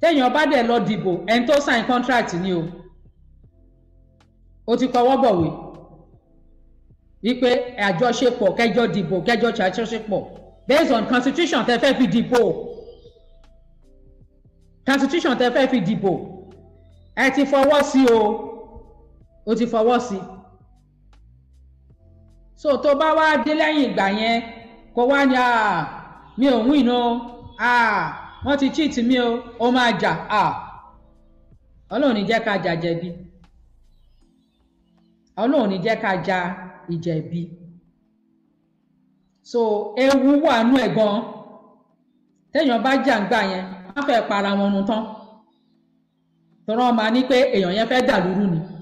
téèyàn bá dẹ̀ lọ dìbò ẹni tó sign contract ni o o ti kọwọ́ bọ̀wé wípé àjọṣepọ̀ kẹjọ dìbò kẹjọ ṣàjọṣepọ̀ based on constitution tẹ fẹ́ fi dìbò constitution tẹ fẹ́ fi dìbò ẹ ti fọwọ́ sí o o ti fọwọ́ sí so tó bá wá dé lẹ́yìn ìgbà yẹn kó wá ní ah, mi ò win o. Ah, wọ́n ti cheat mi o ó máa jà a. Ah. ọlọ́run ní jẹ́ ka jà jẹ̀bi ọlọ́run ní jẹ́ ká jà ìjẹ̀bi so ewu wà nú ẹ̀ gan téèyàn bá jà ń gbà yẹn wọ́n fẹ́ para wọn nu tán tọ́rọ́ ọmọ ní pé èèyàn yẹn fẹ́ dàlúrú ni pé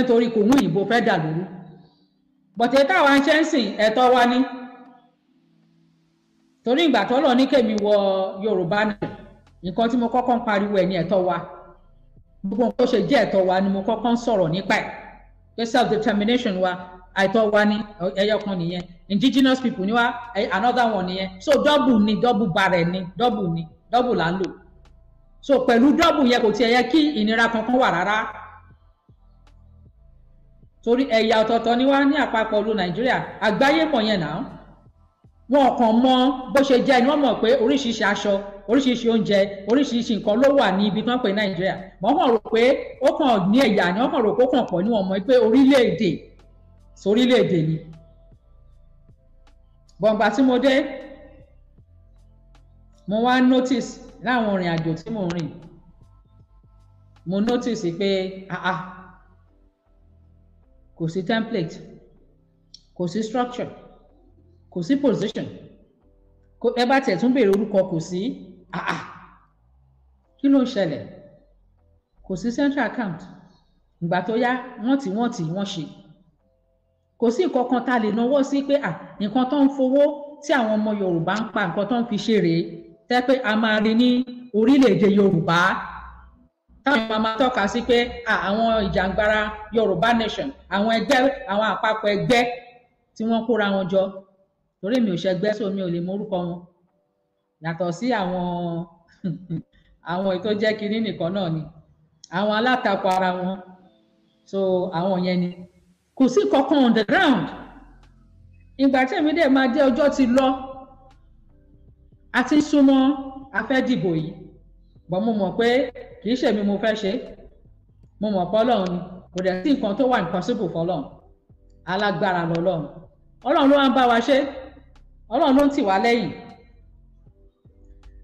nítorí kò ń òyìnbó fẹ́ dàlúrú bọ̀tẹ́ táwa ń ṣe ń sìn ẹ̀tọ́ wa ni. torí ìgbà tọ́lọ̀ ní kèmi wọ yorùbá náà nǹkan tí mo kọ́kọ́ ń pariwo ẹ̀ ní ẹ̀tọ́ wa gbogbo nǹkan tó ṣe jẹ́ ẹ̀tọ́ wa ni mo kọ́kọ́ ń sọ̀rọ̀ nípa ẹ̀ pé self determination wa àìtọ́ wa ni ẹyọ nìyẹn indigenous people ni wa another one nìyẹn so double ni double barẹ̀ ni double ni double là ń lò so pẹ̀lú double yẹn kò tiẹ̀ yẹ kí ìnira kankan wà rárá torí ẹ̀yà ọ̀tọ̀ọ̀tọ̀ ni wá ní àpapọ̀ ìlú nàìjíríà àgbáyé pọ̀ yẹn náà wọn kàn mọ bó ṣe jẹ́ ni wọ́n mọ̀ pé oríṣiríṣi aṣọ oríṣiríṣi oúnjẹ oríṣiríṣi nǹkan ló wà ní ibi tí wọ́n pè nàìjíríà wọ́n kàn rò pé ó kàn ní ẹ̀yà ni wọ́n kàn rò pé ó kàn pọ̀ ní wọ́n mọ̀ pé orílẹ̀-èdè ni. bọ̀ǹgbà tí mo dé mo wá notice láwọn ìrìn àjò tí mo rìn mo notice pé ah kò sí template kò sí structure kò sí position ẹ bá tiẹ̀ tún béèrè orúkọ kò sí ah kí ló ń ṣẹlẹ̀ kò sí central account ìgbà tó yá wọ́n ti wọ́n ti wọ́n ṣe kò sí nǹkan kan tá a lè náwó sí pé à nǹkan tó ń fowó tí àwọn ọmọ Yorùbá ń pa nǹkan tó ń fi ṣe rèé tẹ́ pé a máa rí ní orílẹ̀-èdè Yorùbá táwọn èèyàn máa tọ́ka sí pé àwọn ìjàngbara Yorùbá nation àwọn ẹgbẹ́ àwọn àpapọ̀ ẹgbẹ́ tí wọ́n kóra wọn jọ torí mi ò ṣẹgbẹ́ so mi ò lè morúkọ wọn yàtọ̀ sí àwọn àwọn ètò jẹ́ kínní nìkan náà ni àwọn alátakò ara wọn so àwọn yẹn ni kò sí kankan on the ground ìgbà tí èmi dẹ̀ máa dé ọjọ́ ti lọ a ti súnmọ́ a fẹ́ dìbò yìí bọ́n mo mọ̀ pé kì í ṣèmi mo fẹ́ ṣe mo mọ̀ pé ọlọ́run ni kò dẹ̀ sí nǹkan tó wà impossible fọlọ́run alágbára lọ́lọ́run ọlọ́run ló wá ń bá wa ṣe ọlọ́run ló ń tì wá lẹ́yìn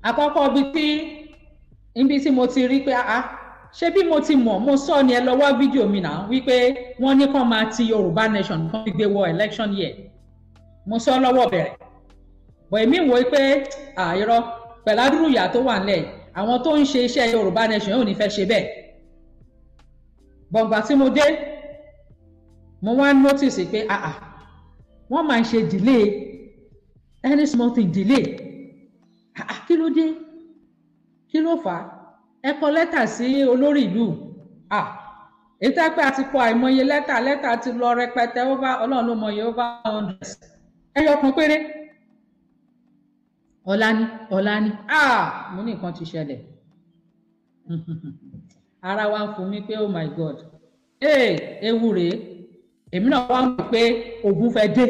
àkọ́kọ́ ibi tí ibi tí mo ti rí pé ah ṣé bí mo ti mọ̀ mo sọ ni ẹ lọ́wọ́ fídíò mi náà wípé wọ́n ní kàn máa ti Yorùbá nation kàn fi gbé wọ election year mo sọ lọ́wọ́ bẹ̀rẹ̀ bọ̀ èmi wò pé àìrọ pẹ̀ládúró ìyá tó wà nílẹ̀ àwọn tó ń ṣe iṣẹ́ Yorùbá nation yóò ní fẹ́ ṣe bẹ́ẹ̀ bọ̀ǹgbà tí mo dé mo wá notice pé ah ah wọ́n máa ń ṣe delay any small thing delay kí ló dé kí ló fà á ẹ kọ lẹ́tà sí olórí ìlú èyí tẹ́ pé a ti kọ àìmọye lẹ́tà lẹ́tà ti lọ rẹpẹtẹ over ọlọ́run ló mọye over hundred ẹyọ kan péré ọ̀la ni ọ̀la mo ní nǹkan ti ṣẹlẹ̀ ara wa ń fún mi pé oh my god ee ewu rèé èmi náà wá mọ̀ pé ogun fẹ́ dé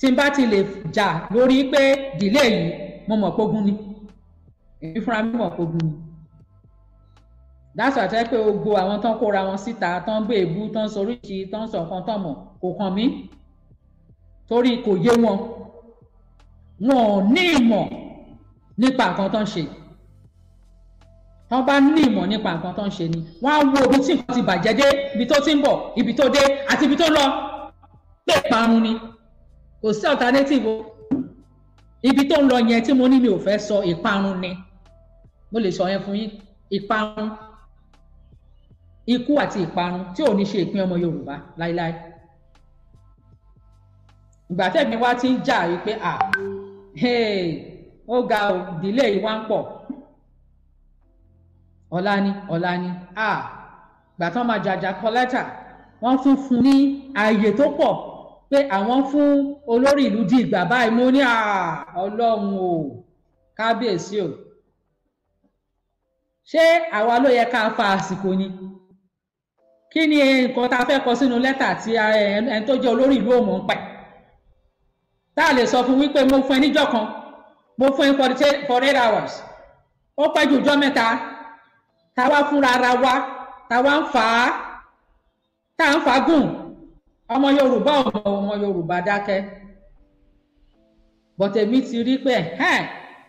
tí n bá ti lè jà lórí pé dìlé yìí mo mọ̀ pé ogun ni èmi fúnra mi mọ̀ pé ogun ni that's why tẹ́ pé gbogbo àwọn tán kóra wọn síta tán gbé èbú tán soríṣi tán sọ nǹkan tán mọ̀ kò kàn mí torí kò yé wọn wọn ò ní ìmọ̀ nípa nǹkan tán ṣe tán bá ní ìmọ̀ nípa nǹkan tán ṣe ni wọ́n á wo ibi tí nǹkan ti bàjẹ́ dé ibi tó ti ń bọ̀ ibi tó dé àti ibi tó lọ pé ìparun ni kò sí alternative o ibi tó ń lọ yẹn tí mo ní mi ò fẹ́ sọ ìparun ni mo lè sọ yẹn fún yín ìparun ikú àti ìparun tí ò ní ṣe ìpín ọmọ Yorùbá láíláí ìgbà tẹ̀mí wá ti ń jà wípé à ó ga ò ìdílé yìí wá ń pọ̀ ọ̀la ni ọ̀la ni à ìgbà tán máa jàjà kọ lẹ́tà wọ́n tún fún ní ààyè tó pọ̀ pé àwọn fún olórí ìlú di ìgbà báyìí mo ní ọlọ́run o kábíyèsí o ṣé àwa ló yẹ ká fa àsìkò ni kí ni nǹkan tá a fẹ́ kọ sínú lẹ́tà tí ẹni tó jẹ́ olórí ìlú òmò ń pa tá a lè sọ fún wípé mo fún ẹ níjọ́ kan mo fún ẹ for eight hours ó pẹ́ jù ọjọ́ mẹ́ta táwa fúnra ara wa táwa ń fà á tá ń fà á gùn ọmọ yorùbá ọmọ ọmọ yorùbá dákẹ́ bọ̀tẹ̀ mi ti rí pé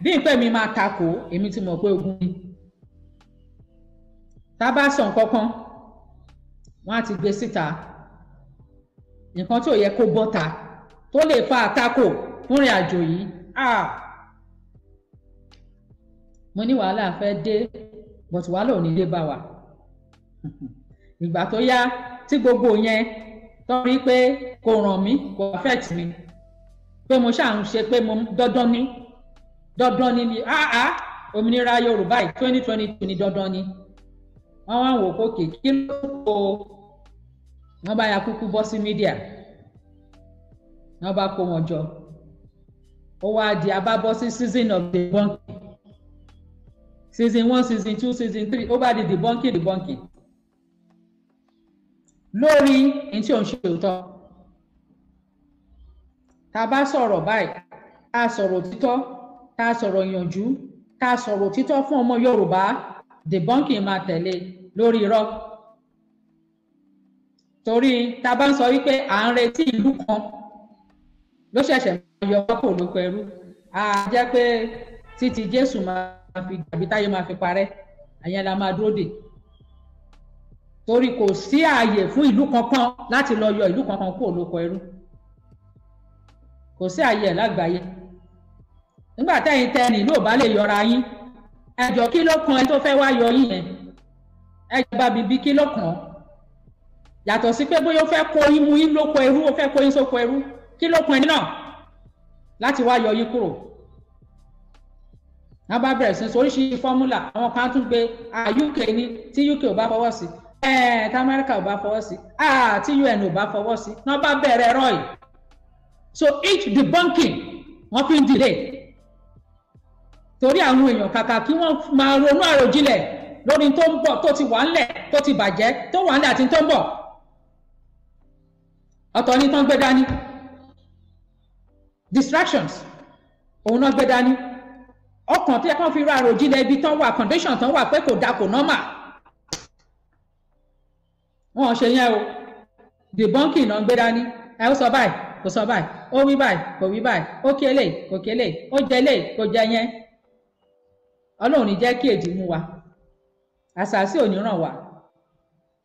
bí ìpè mi máa takò èmi ti mọ̀ pé ogun ni tá a bá sọ nǹkan kan wọ́n á ti gbé síta nǹkan tí ò yẹ kó bọ́ta tó lè fa àtakò fúnrìn àjò yìí mo ní wàhálà fẹ́ dé but wàhálà ò ní dé bá wa ìgbà tó yá tí gbogbo yẹn torí pé kò ràn mí kò affect mi pé mo ṣáà ń ṣe pé mo dandan ni dandan ni ni áá ah, ah, òmìnira Yorùbá yìí twenty twenty two ni dandan ni wọ́n wá wò ó kè kí ló kó wọ́n bá ya kúkú bọ́ sí mídíà wọ́n bá kó wọn jọ ó wá di abábọ́ sí season of the bunking season one season two season three ó bá di the debunking lórí ní tí ò ń ṣe òótọ́ tá a bá sọ̀rọ̀ báyìí tá a sọ̀rọ̀ òtítọ́ tá a sọ̀rọ̀ ìyànjú tá a sọ̀rọ̀ òtítọ́ fún ọmọ Yorùbá debunking máa tẹ̀lé lórí irọ́ torí tá a bá ń sọ wípé à ń retí ìlú kan ló ṣẹ̀ṣẹ̀ máa yọ ọ́ ló pẹ̀lú a jẹ́ pé títí Jésù máa fi gbàgbé táyé máa fi parẹ́ àyẹn la máa dúró dè torí kò sí ààyè fún ìlú kankan láti lọ yọ ìlú kankan kúrò lóko ẹrú kò sí ààyè lágbàáyé nígbà tẹ́yìn tẹ́ni ìlú ò bá lè yọra yín ẹjọ́ kí ló kan ẹ tó fẹ́ wá yọ yín yẹn ẹjọ́ bá bíbí kí ló kàn án yàtọ̀ sí pé bóyá ó fẹ́ kó yín mú yín lóko ẹrú ó fẹ́ kó yín sóko ẹrú kí ló kan ẹ náà láti wá yọ yín kúrò wọn bá bẹ̀rẹ̀ sí oríṣiríṣi fọ́múlà àwọn kan tún gbé ah, UK ní tí UK ò bá fọwọ́ sí i tá amẹ́ríkà ò bá fọwọ́ sí àti un ò bá fọwọ́ sí náà bá bẹ̀rẹ̀ rọ́ọ̀lì so each debunking wọ́n fi ń delay torí àwọn èèyàn kàkà kí wọ́n máa ronú àròjinlẹ̀ lórí tó ń bọ̀ tó ti wà ńlẹ̀ tó ti bàjẹ́ tó wà ńlẹ̀ àti tó ń bọ̀ ọ̀tọ̀ ni tán gbé dání distractions òun náà gbé dání ọkàn tó yẹ kán fi ra àròjinlẹ̀ ibi tán wà condition tán wà pé kò da kò normal wọn ò ṣe yẹn o debunking náà ń gbé dání ẹ ó sọ báyìí kò sọ báyìí ó wí báyìí kò wí báyìí ó kí eléyìí kò kí eléyìí ó jẹ eléyìí kò jẹ yẹn ọlọ́run ní jẹ́ kí èdè mú wa àṣàṣì ò ní ràn wá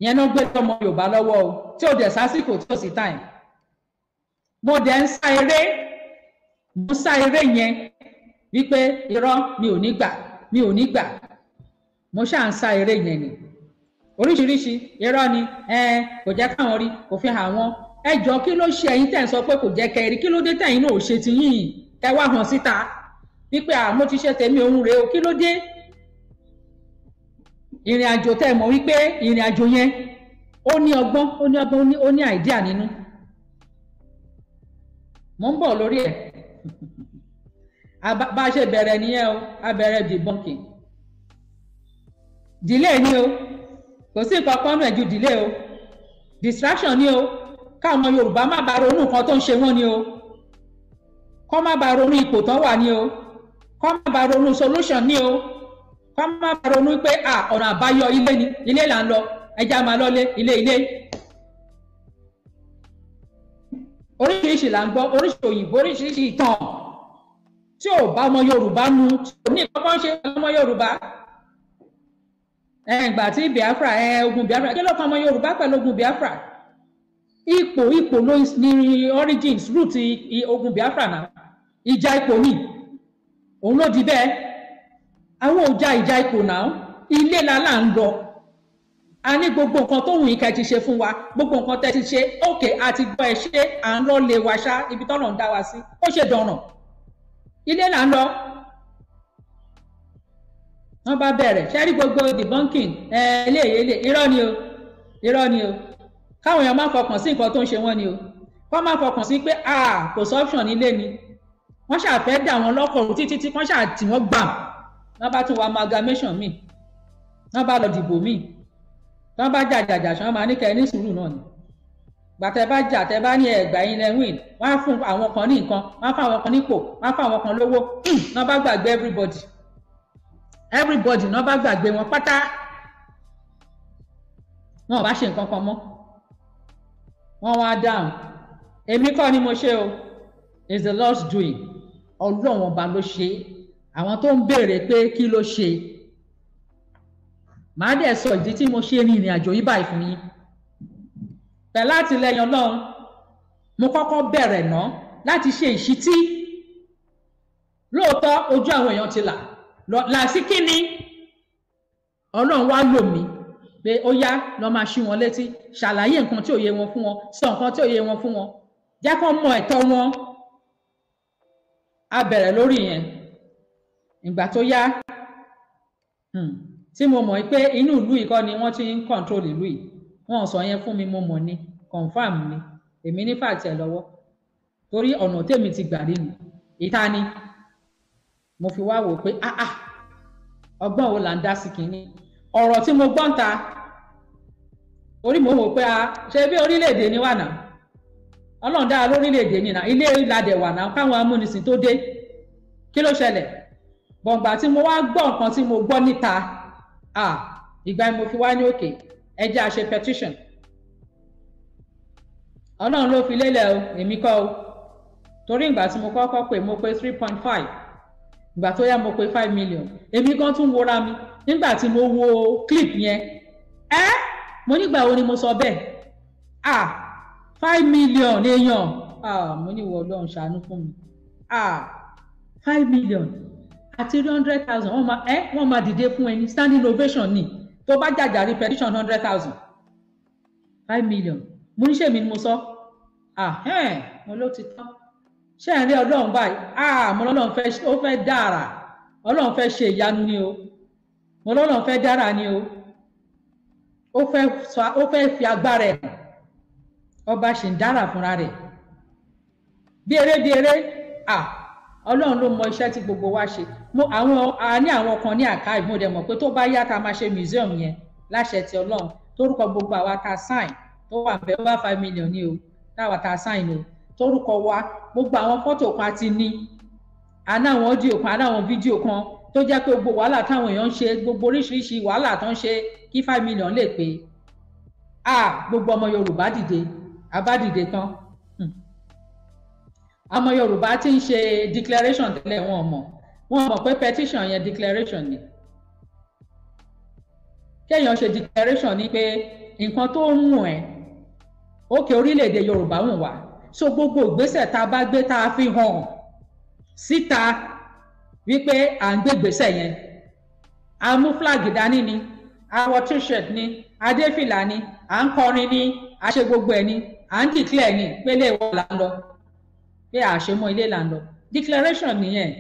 yẹn náà gbé ọmọ yorùbá lọ́wọ́ o tí ò dẹ̀ sásìkò tí ò sí táyì mo dẹ̀ ń sá eré mo sá eré yẹn wípé irọ́ mi ò ní gbà mi ò ní gbà mo ṣáà ń sá eré yẹn ni oríṣiríṣi irọ́ ni kò jẹ́ káwọn rí kò fi hàn wọ́n ẹ jọ kí ló ṣe ẹ̀yin tẹ̀ ń sọ pé kò jẹ́ kẹrí kí ló dé tẹ̀yin náà ò ṣe ti yín ẹ wá hàn síta wípé àmọ́ ti ṣe tèmi òun rèé o kí ló dé ìrìn àjò tẹ́ mọ̀ wípé ìrìn àjò yẹn ó ní ọgbọ́n ó ní ọgbọ́n ó ní àìdíà nínú mò ń bọ̀ lórí ẹ̀ bá a ṣe bẹ̀rẹ̀ nìyẹn o a bẹ̀rẹ̀ debunking delay ni o kò sí nǹkan kan náà ju ìdílé o distraction ni o káwọn Yorùbá má bàa ronú nǹkan tó ń ṣe wọ́n ni o kọ́ má bàa ronú ipò tán wà ni o kọ́ má bàa ronú solution ni o kọ́ má bàa ronú pé à ọ̀nà àbáyọ ilé ni ilé là ń lọ ẹja máa lọ́lé ilé ilé oríṣiríṣi là ń gbọ́ oríṣiríṣi òyìnbó oríṣiríṣi ìtàn tí ò bá ọmọ Yorùbá mu tí ò ní ìkọ́kọ́ ṣe ọmọ Yorùbá ìgbà tí Biafra ogun Biafra kí ló kan ọmọ Yorùbá pẹ̀lú ogun Biafra ipò ipò ló ní origins root ogun Biafra náà ìjà ipò ni òun ló di bẹ́ẹ̀ àwọn ò ja ìjà ipò náà ilé la là ń lọ a ní gbogbo nǹkan tó wù yín ká ti ṣe fún wa gbogbo nǹkan tẹ́ ti ṣe òkè àti gbọ́ ẹ ṣe à ń lọ lè wa ṣá ibi tọ́nà ń dá wa sí ó ṣe dọ̀nà ilé là ń lọ wọ́n bá bẹ̀rẹ̀ ṣẹ́rí gbogbo debunking eléyìí eléyìí irọ́ ni o irọ́ ni o káwọn èèyàn má fọkàn sí nǹkan tó ń ṣe wọ́n ni o kọ́ má fọkàn sí pé ah kò sọ́pṣọ̀n nílé ni wọ́n ṣàfẹ́ dà wọ́n lọ́kọ̀ọ̀rù títí tí wọ́n ṣàtì wọ́n gbà wọ́n bá tún wọ amalgamation míì wọ́n bá lọ dìbò míì wọ́n bá jà jàjà ṣan máa ní kẹ́ ní sùúrù náà ni gbàtẹ́ bá jà tẹ́ bá ní ẹgbà yín lẹ́wìn wọ́n á fún àwọn kan ní nǹkan wọ́n á fún àwọn kan nípò wọ́n á fún àwọn kan lówó wọ́n bá gbàgbé everybody everybody náà bá gbàgbé wọn pátá wọn ò bá ṣe nǹkan kan mọ́ wọn wá dáhùn èmi kọ́ ni mo ṣe o is the lost doing ọlọ́run ọba ló ṣe àwọn tó ń béèrè pé kí ló ṣe màá dẹ̀ sọ ìdí tí mo ṣe ní ìrìn àjò yìí báyìí fún yín pẹ̀lú àtìlẹyìn ọlọ́run mo kọ́kọ́ bẹ̀rẹ̀ ná láti ṣe ìṣítí lóòótọ́ ojú àwọn èèyàn ti là làásì kínní ọlọ́run wá lò mí pé ó yá lọ́ máa ṣí wọn létí ṣàlàyé nǹkan tí ò yé wọn fún wọn sọ nǹkan tí ò yé wọn fún wọn jẹ́ kó mọ ẹ̀tọ́ wọn a bẹ̀rẹ̀ lórí yẹn ìgbà tó yá hmm, tí mo mọ̀ pé inú ìlú yìí kọ́ ni wọ́n ti ń control ìlú yìí wọ́n sọ yẹn fún mi mo mọ̀ ni confam ni èmi ní fàtẹ̀ lọ́wọ́ torí ọ̀nà tèmi ti gbà rí ìta ni mo fi wá wò pé ah ah ọgbọ́n wo là ń dá sí kínní ọ̀rọ̀ mo gbọ́n ta orí mo wò pé a ah, ṣe bí orílẹ̀-èdè ni wà náà ọlọ́run dára lórílẹ̀-èdè ni náà ilé ìlàdẹ̀ wà náà káwọn amúnisìn tó dé kí ló ṣẹlẹ̀ bọ̀ǹgbà tí mo wá gbọ́ nǹkan tí mo gbọ́ níta ah ìgbà mo fi wá ní òkè ẹ jẹ́ àṣẹ o èmi kọ́ o torí ìgbà tí mo mo pé three ìgbà tó yá mo pé five million èmi gan tún wora mi nígbà tí mo wo clip yẹn ẹ mo nígbà wo ni mo sọ bẹ́ẹ̀ ah five million èèyàn ah mo ní ìwọ Ọlọ́run ṣàánú fún mi ah five million àti three hundred thousand wọ́n máa ẹ wọ́n máa dìde fún ẹni standing ovation ni tó bá jàjàrí petition hundred thousand five million mo ní ṣèmi ni mo sọ ah ẹ mo ló ti tán ṣé ẹ̀ ń rí ọlọ́run báyìí àmọ́ ah, ọlọ́run fẹ́ ó fẹ́ dára ọlọ́run fẹ́ ṣe ìyanu ni o mo lọ́lọ́run fẹ́ dára ni o ó fẹ́ ó fẹ́ fi agbára ẹ̀ ọba ṣì ń dára fúnra rẹ̀ bí eré bí eré à ah, ọlọ́run ló mọ iṣẹ́ tí gbogbo wa ṣe mo àwọn a ní àwọn kan ní àkáì mo dẹ̀ mọ̀ pé tó bá yá ta máa ṣe museum yẹn láṣẹ ti ọlọ́run torúkọ gbogbo àwa ta sign tó wà bẹ́ẹ̀ over five million ni o táwa ta sign o. No tórúkọ wa gbogbo àwọn fọ́tò kan ti ní àná àwọn ọ́díò kan àná àwọn fídíò kan tó jẹ́ pé gbogbo wàhálà táwọn èèyàn ń ṣe gbogbo oríṣiríṣi wàhálà tó ń ṣe kí five million lè pé a gbogbo ọmọ Yorùbá dìde abádìde tán hmm. ọmọ Yorùbá ti ń ṣe declaration tẹ́lẹ̀ wọn mọ̀ wọn mọ̀ pé petition yẹn declaration ni kéèyàn ṣe declaration ni pé nǹkan tó ń wù ẹ́ òkè orílẹ̀-èdè Yorùbá wù wá so gbogbo ìgbésẹ̀ tá a bá gbé tá a fi hàn síta wípé à ń gbé ìgbésẹ̀ yẹn a mú fúlàgì dání ni a wọ t-shirt ni a dé fìlà ni à ń kọrin ni a ṣe gbogbo ẹ̀ ni à ń declare ni pé ilé ìwọ là ń lọ pé àṣemọ ilé là ń lọ declaration nìyẹn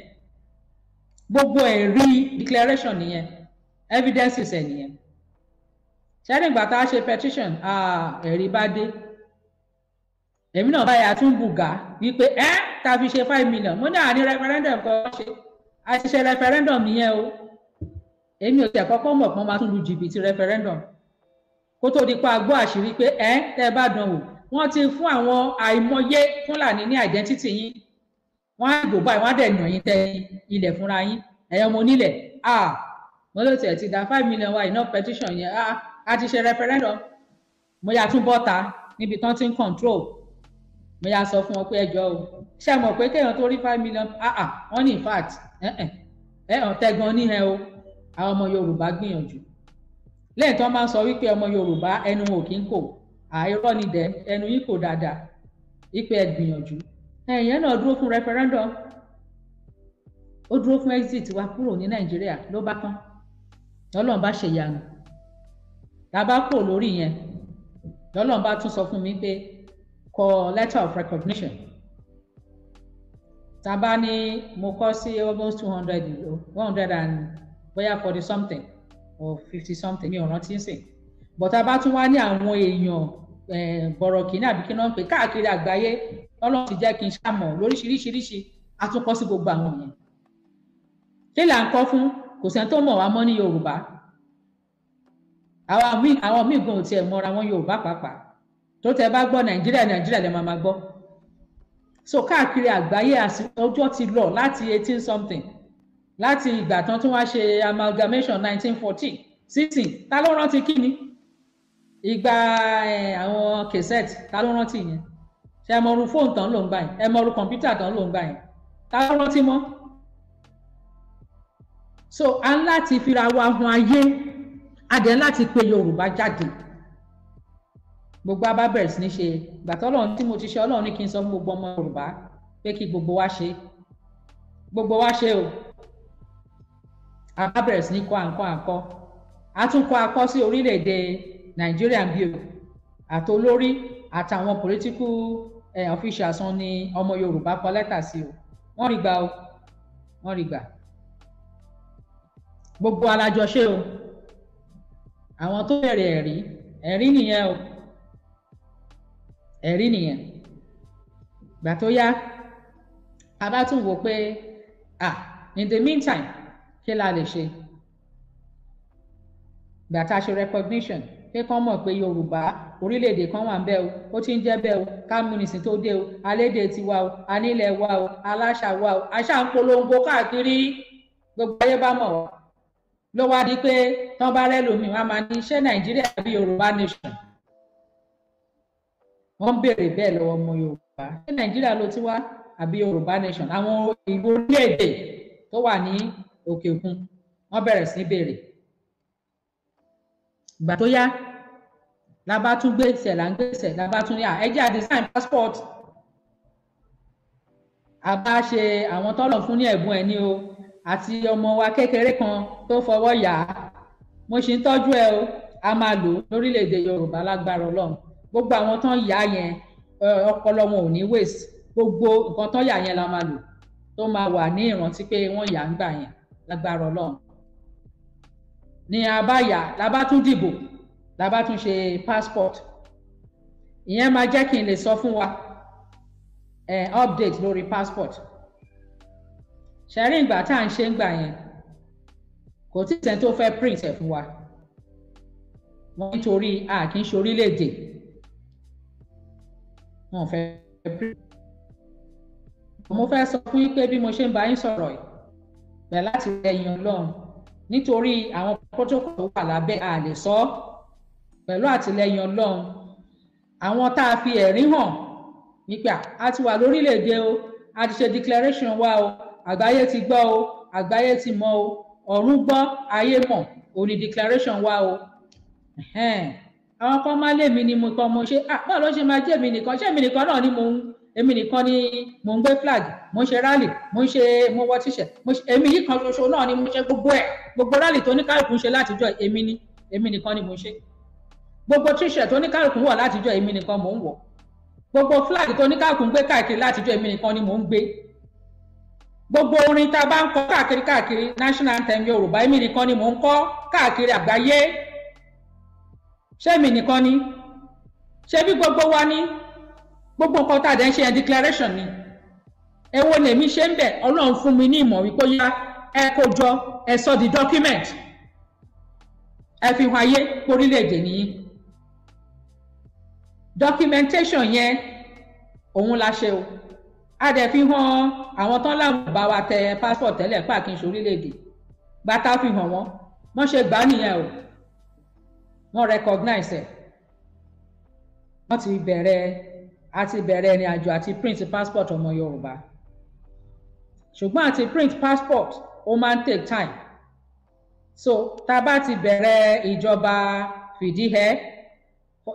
gbogbo ẹ̀rí declaration nìyẹn evidences ẹ̀ nìyẹn ṣẹ́ni ìgbà tá a ṣe petition ah, ẹ̀rí bá dé èmi náà báyà tún bùgà wípé ẹ ta fi ṣe five million mo ní àní referendum kan ṣe àṣìṣe referendum nìyẹn o èmi ò tẹ̀ kọ́kọ́ mọ̀ pé wọ́n máa tún lu jìbìtì referendum kó tó di pa gbọ́ àṣírí pé ẹ tẹ́ bá dán o. wọ́n ti fún àwọn àìmọye fúlàní ní identity yín wọ́n á dìbò báyìí wọ́n á dẹ̀ yàn yín tẹ́ ilẹ̀ fúnra yín ẹ̀yọ́ mo nílẹ̀ ah mo ló tiẹ̀ ti da five million wa iná petition yẹn a ti ṣe referendum mo yà tún bọ́ta níbi tán ti ń control mo yà sọ fún wọn pé ẹjọ́ o ṣé ẹ pé kéèyàn tó rí five million ah ah wọ́n ní in fact ẹ eh, ẹ eh, eh, ọ̀tẹ̀gan níhẹ o àwọn ọmọ Yorùbá gbìyànjú lẹ́yìn tí wọ́n máa ń sọ wípé ọmọ Yorùbá ẹnu ò kí ń kò àìrọ́ ni dẹ̀ ẹnu yìí kò dáadáa wípé ẹ gbìyànjú ẹ̀yẹn náà dúró fún referendum ó dúró fún exit wa kúrò ní Nàìjíríà ló bá tán lọ́lọ́run bá ṣèyanu tá a bá kúrò lórí yẹn lọ́lọ́run bá tún sọ fún mi pé kọ letter of recognition tàbá ní mo kọ sí almost two hundred one hundred and bóyá forty something or fifty something mi ò rántí sìn but tàbá tún wá ní àwọn èèyàn bọ̀rọ̀kì ní àbíkí náà ń pè káàkiri àgbáyé ọlọ́run ti jẹ́ kí n ṣàmọ̀ lóríṣiríṣiríṣi àtúnkọ́ sí gbogbo àwọn yẹn kí là ń kọ́ fún kò sẹ́ni tó mọ̀ wá mọ́ ní yorùbá àwọn míì àwọn míì gan ò tiẹ̀ mọra wọn yorùbá pàápàá tó tẹ bá gbọ́ nàìjíríà nàìjíríà lè máa máa so káàkiri àgbáyé ọjọ́ ti lọ láti eighteen something láti ìgbà tán tí wọ́n ṣe amalgamation nineteen fourteen sísì ta ló rántí kí ni ìgbà àwọn cassette ta ló rántí yẹn ṣe ẹ mọ̀ọ́rù fóònù tán ló ń gbà yẹn ẹ mọ̀ọ́rù kọ̀ǹpútà tán ló ń gbà yẹn ta ló rántí mọ́ so a ń láti fira wa hun ayé a dẹ̀ ń láti pe yorùbá jáde gbogbo abá bẹ̀rẹ̀ sí ní ṣe gbàtọ́ ọlọ́run tí mo ti ṣe ọlọ́run ní kí n sọ fún gbogbo ọmọ yorùbá pé kí gbogbo wa ṣe gbogbo wa ṣe o abá bẹ̀rẹ̀ sí ní kọ́ àǹkọ́ àǹkọ́ a tún kọ́ akọ́ sí orílẹ̀-èdè nàìjíríà bí o àtolórí àtàwọn political eh, ni ọmọ yorùbá kọ lẹ́tà sí o wọ́n rí gbà o wọ́n rí gbà gbogbo alájọṣe o àwọn tó bẹ̀rẹ̀ ẹ̀rí ẹ̀rí nìyẹn o ẹ̀rí nìyẹn gbà tó yá a bá tún wò pé ah in the meantime kí la lè ṣe gbà tá a ṣe recognition pé kán mọ̀ pé yorùbá orílẹ̀-èdè kan wà ń bẹ́ o ó ti ń jẹ́ bẹ́ẹ̀ o kámúnisìn tó dé o alédè tiwa o anílẹ̀ wa o aláṣà wa o àṣà ń polongo káàkiri gbogbo ayé bá mọ̀ wá ló wá di pé tán bá rẹ́ lómi wọn a máa ní iṣẹ́ nàìjíríà bí yorùbá nation wọ́n béèrè bẹ́ẹ̀ lọ́wọ́ ọmọ yorùbá ṣé nàìjíríà ló ti wá àbí yorùbá nation àwọn ìwé orílẹ̀-èdè tó wà ní òkè òkun wọ́n bẹ̀rẹ̀ sí béèrè ìgbà tó yá la bá tún gbèsè là ń gbèsè la bá tún ní à ẹ jẹ́ a passport a bá ṣe àwọn tọ́lọ̀ fún ní ẹ̀bùn ẹ̀ ní o àti ọmọ wa kékeré kan tó fọwọ́ yà á mo ṣì ń tọ́jú ẹ o a máa lò lórílẹ̀‐èdè yorùbá lágbára ọlọ́run gbogbo àwọn tán yá yẹn ọpọlọ wọn ò ní waste gbogbo nǹkan tán yá yẹn la máa lò tó máa wà ní ìrántí pé wọ́n yà ń gbà yẹn lágbára Ọlọ́run ní abáyà la bá tún dìbò la bá tún ṣe passport ìyẹn máa jẹ́ kí n lè sọ fún wa eh, update lórí passport ṣẹ́rí ìgbà tá à ń ṣe ń gbà yẹn kò tí ì sẹ́ni tó fẹ́ print ẹ̀ fún wa wọ́n nítorí a kì í ṣe orílẹ̀-èdè wọn fẹ́ pé mo fẹ́ sọ fún yín pé bí mo ṣe ń bá yín sọ̀rọ̀ yìí bẹ̀ láti ẹ̀yìn ọlọ́run nítorí àwọn protocol tó wà lábẹ́ a lè sọ pẹ̀lú àtìlẹyìn ọlọ́run àwọn tá a fi ẹ̀rí hàn nípa a ti wà lórílẹ̀ o a ti ṣe declaration wa o àgbáyé ti gbọ́ o àgbáyé ti mọ̀ o ọ̀run gbọ́ ayé mọ̀ òní declaration wa o àwọn kan máa lé mi ni mo tọmọ ṣe ah, báwo ló ṣe máa jẹ́ èmi nìkan ṣé èmi nìkan náà ni mo ń èmi nìkan ni mo ń gbé flag mo ń ṣe rally mo ń ṣe mo wọ tíṣẹ̀ èmi yìí kan ṣoṣo náà ni mo ṣe gbogbo ẹ̀ gbogbo rally tó ní kálukú ń ṣe látijọ́ èmi ni èmi nìkan ni mo ṣe gbogbo tíṣẹ̀ tó ní kálukú wọ̀ látijọ́ èmi nìkan mo ń wọ̀ gbogbo flag tó ní kálukú ń gbé káàkiri látijọ́ èmi nìkan ni mo ń gbé gbogbo orin tá a bá ń kọ káàkiri káàkiri national anthem yorùbá èmi nìkan ni mo ń kọ káàkiri àgbáyé ṣẹ́mi nìkan ni ṣé bí gbogbo wa ni gbogbo nǹkan tá a dẹ̀ ń ṣe yẹn declaration ni ẹ wo lèmi ṣe ń bẹ̀ ọlọ́run fún mi ní ìmọ̀ wípé yá ẹ kó jọ ẹ sọ di document ẹ fi hàn ayé porílẹ̀-èdè nìyí documentation yẹn òun la ṣe o a dẹ̀ fi hàn àwọn tán láwọn bá wa tẹ passport tẹ́lẹ̀ pàkínṣe orílẹ̀-èdè bàtà fi hàn wọ́n wọ́n ṣe gbà nìyẹn o wọ́n recognize ẹ̀ wọ́n ti bẹ̀rẹ̀ àti bẹ̀rẹ̀ ìrìn àjò àti print passport ọmọ Yorùbá ṣùgbọ́n àti print passport ó máa ń take time so tá a bá ti bẹ̀rẹ̀ ìjọba fìdíhẹ́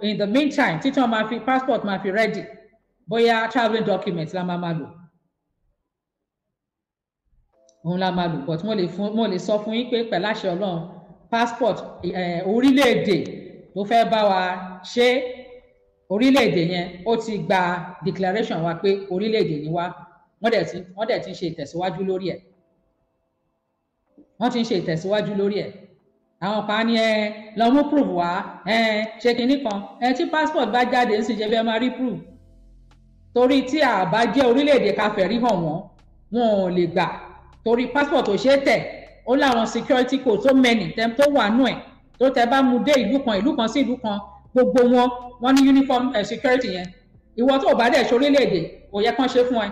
in the meantime títàn máa fi passport máa fi ready bóyá travelling document la máa máa lò òun la máa lò but mo lè fún mo lè sọ fún yín pé pẹ̀láṣẹ Ọlọ́run passport orílẹ̀-èdè tó fẹ́ bá wa ṣe orílẹ̀-èdè yẹn ó ti gba declaration wa pé orílẹ̀-èdè ni wá wọ́n dẹ̀ ti wọ́n dẹ̀ ti ń ṣe ìtẹ̀síwájú lórí ẹ̀ wọ́n ti ń ṣe ìtẹ̀síwájú lórí ẹ̀ àwọn kan ní ẹ lọ mú proof wá ẹ ṣe kinní kan ẹ tí passport bá jáde ń sì jẹ́ bí ẹ máa rí proof torí tí a jẹ́ orílẹ̀-èdè ká fẹ̀rí hàn wọ́n wọn ò lè gbà torí passport ò ṣeé tẹ̀ ó láwọn security code tó mẹ́nì tẹ́m tó wà nù ẹ̀ tó tẹ bá mu dé ìlú kan ìlú kan sí ìlú kan gbogbo wọn wọn ní uniform uh, security yẹn ìwọ tó o bá dẹ̀ ṣe orílẹ̀-èdè kò yẹ kán ṣe fún ẹ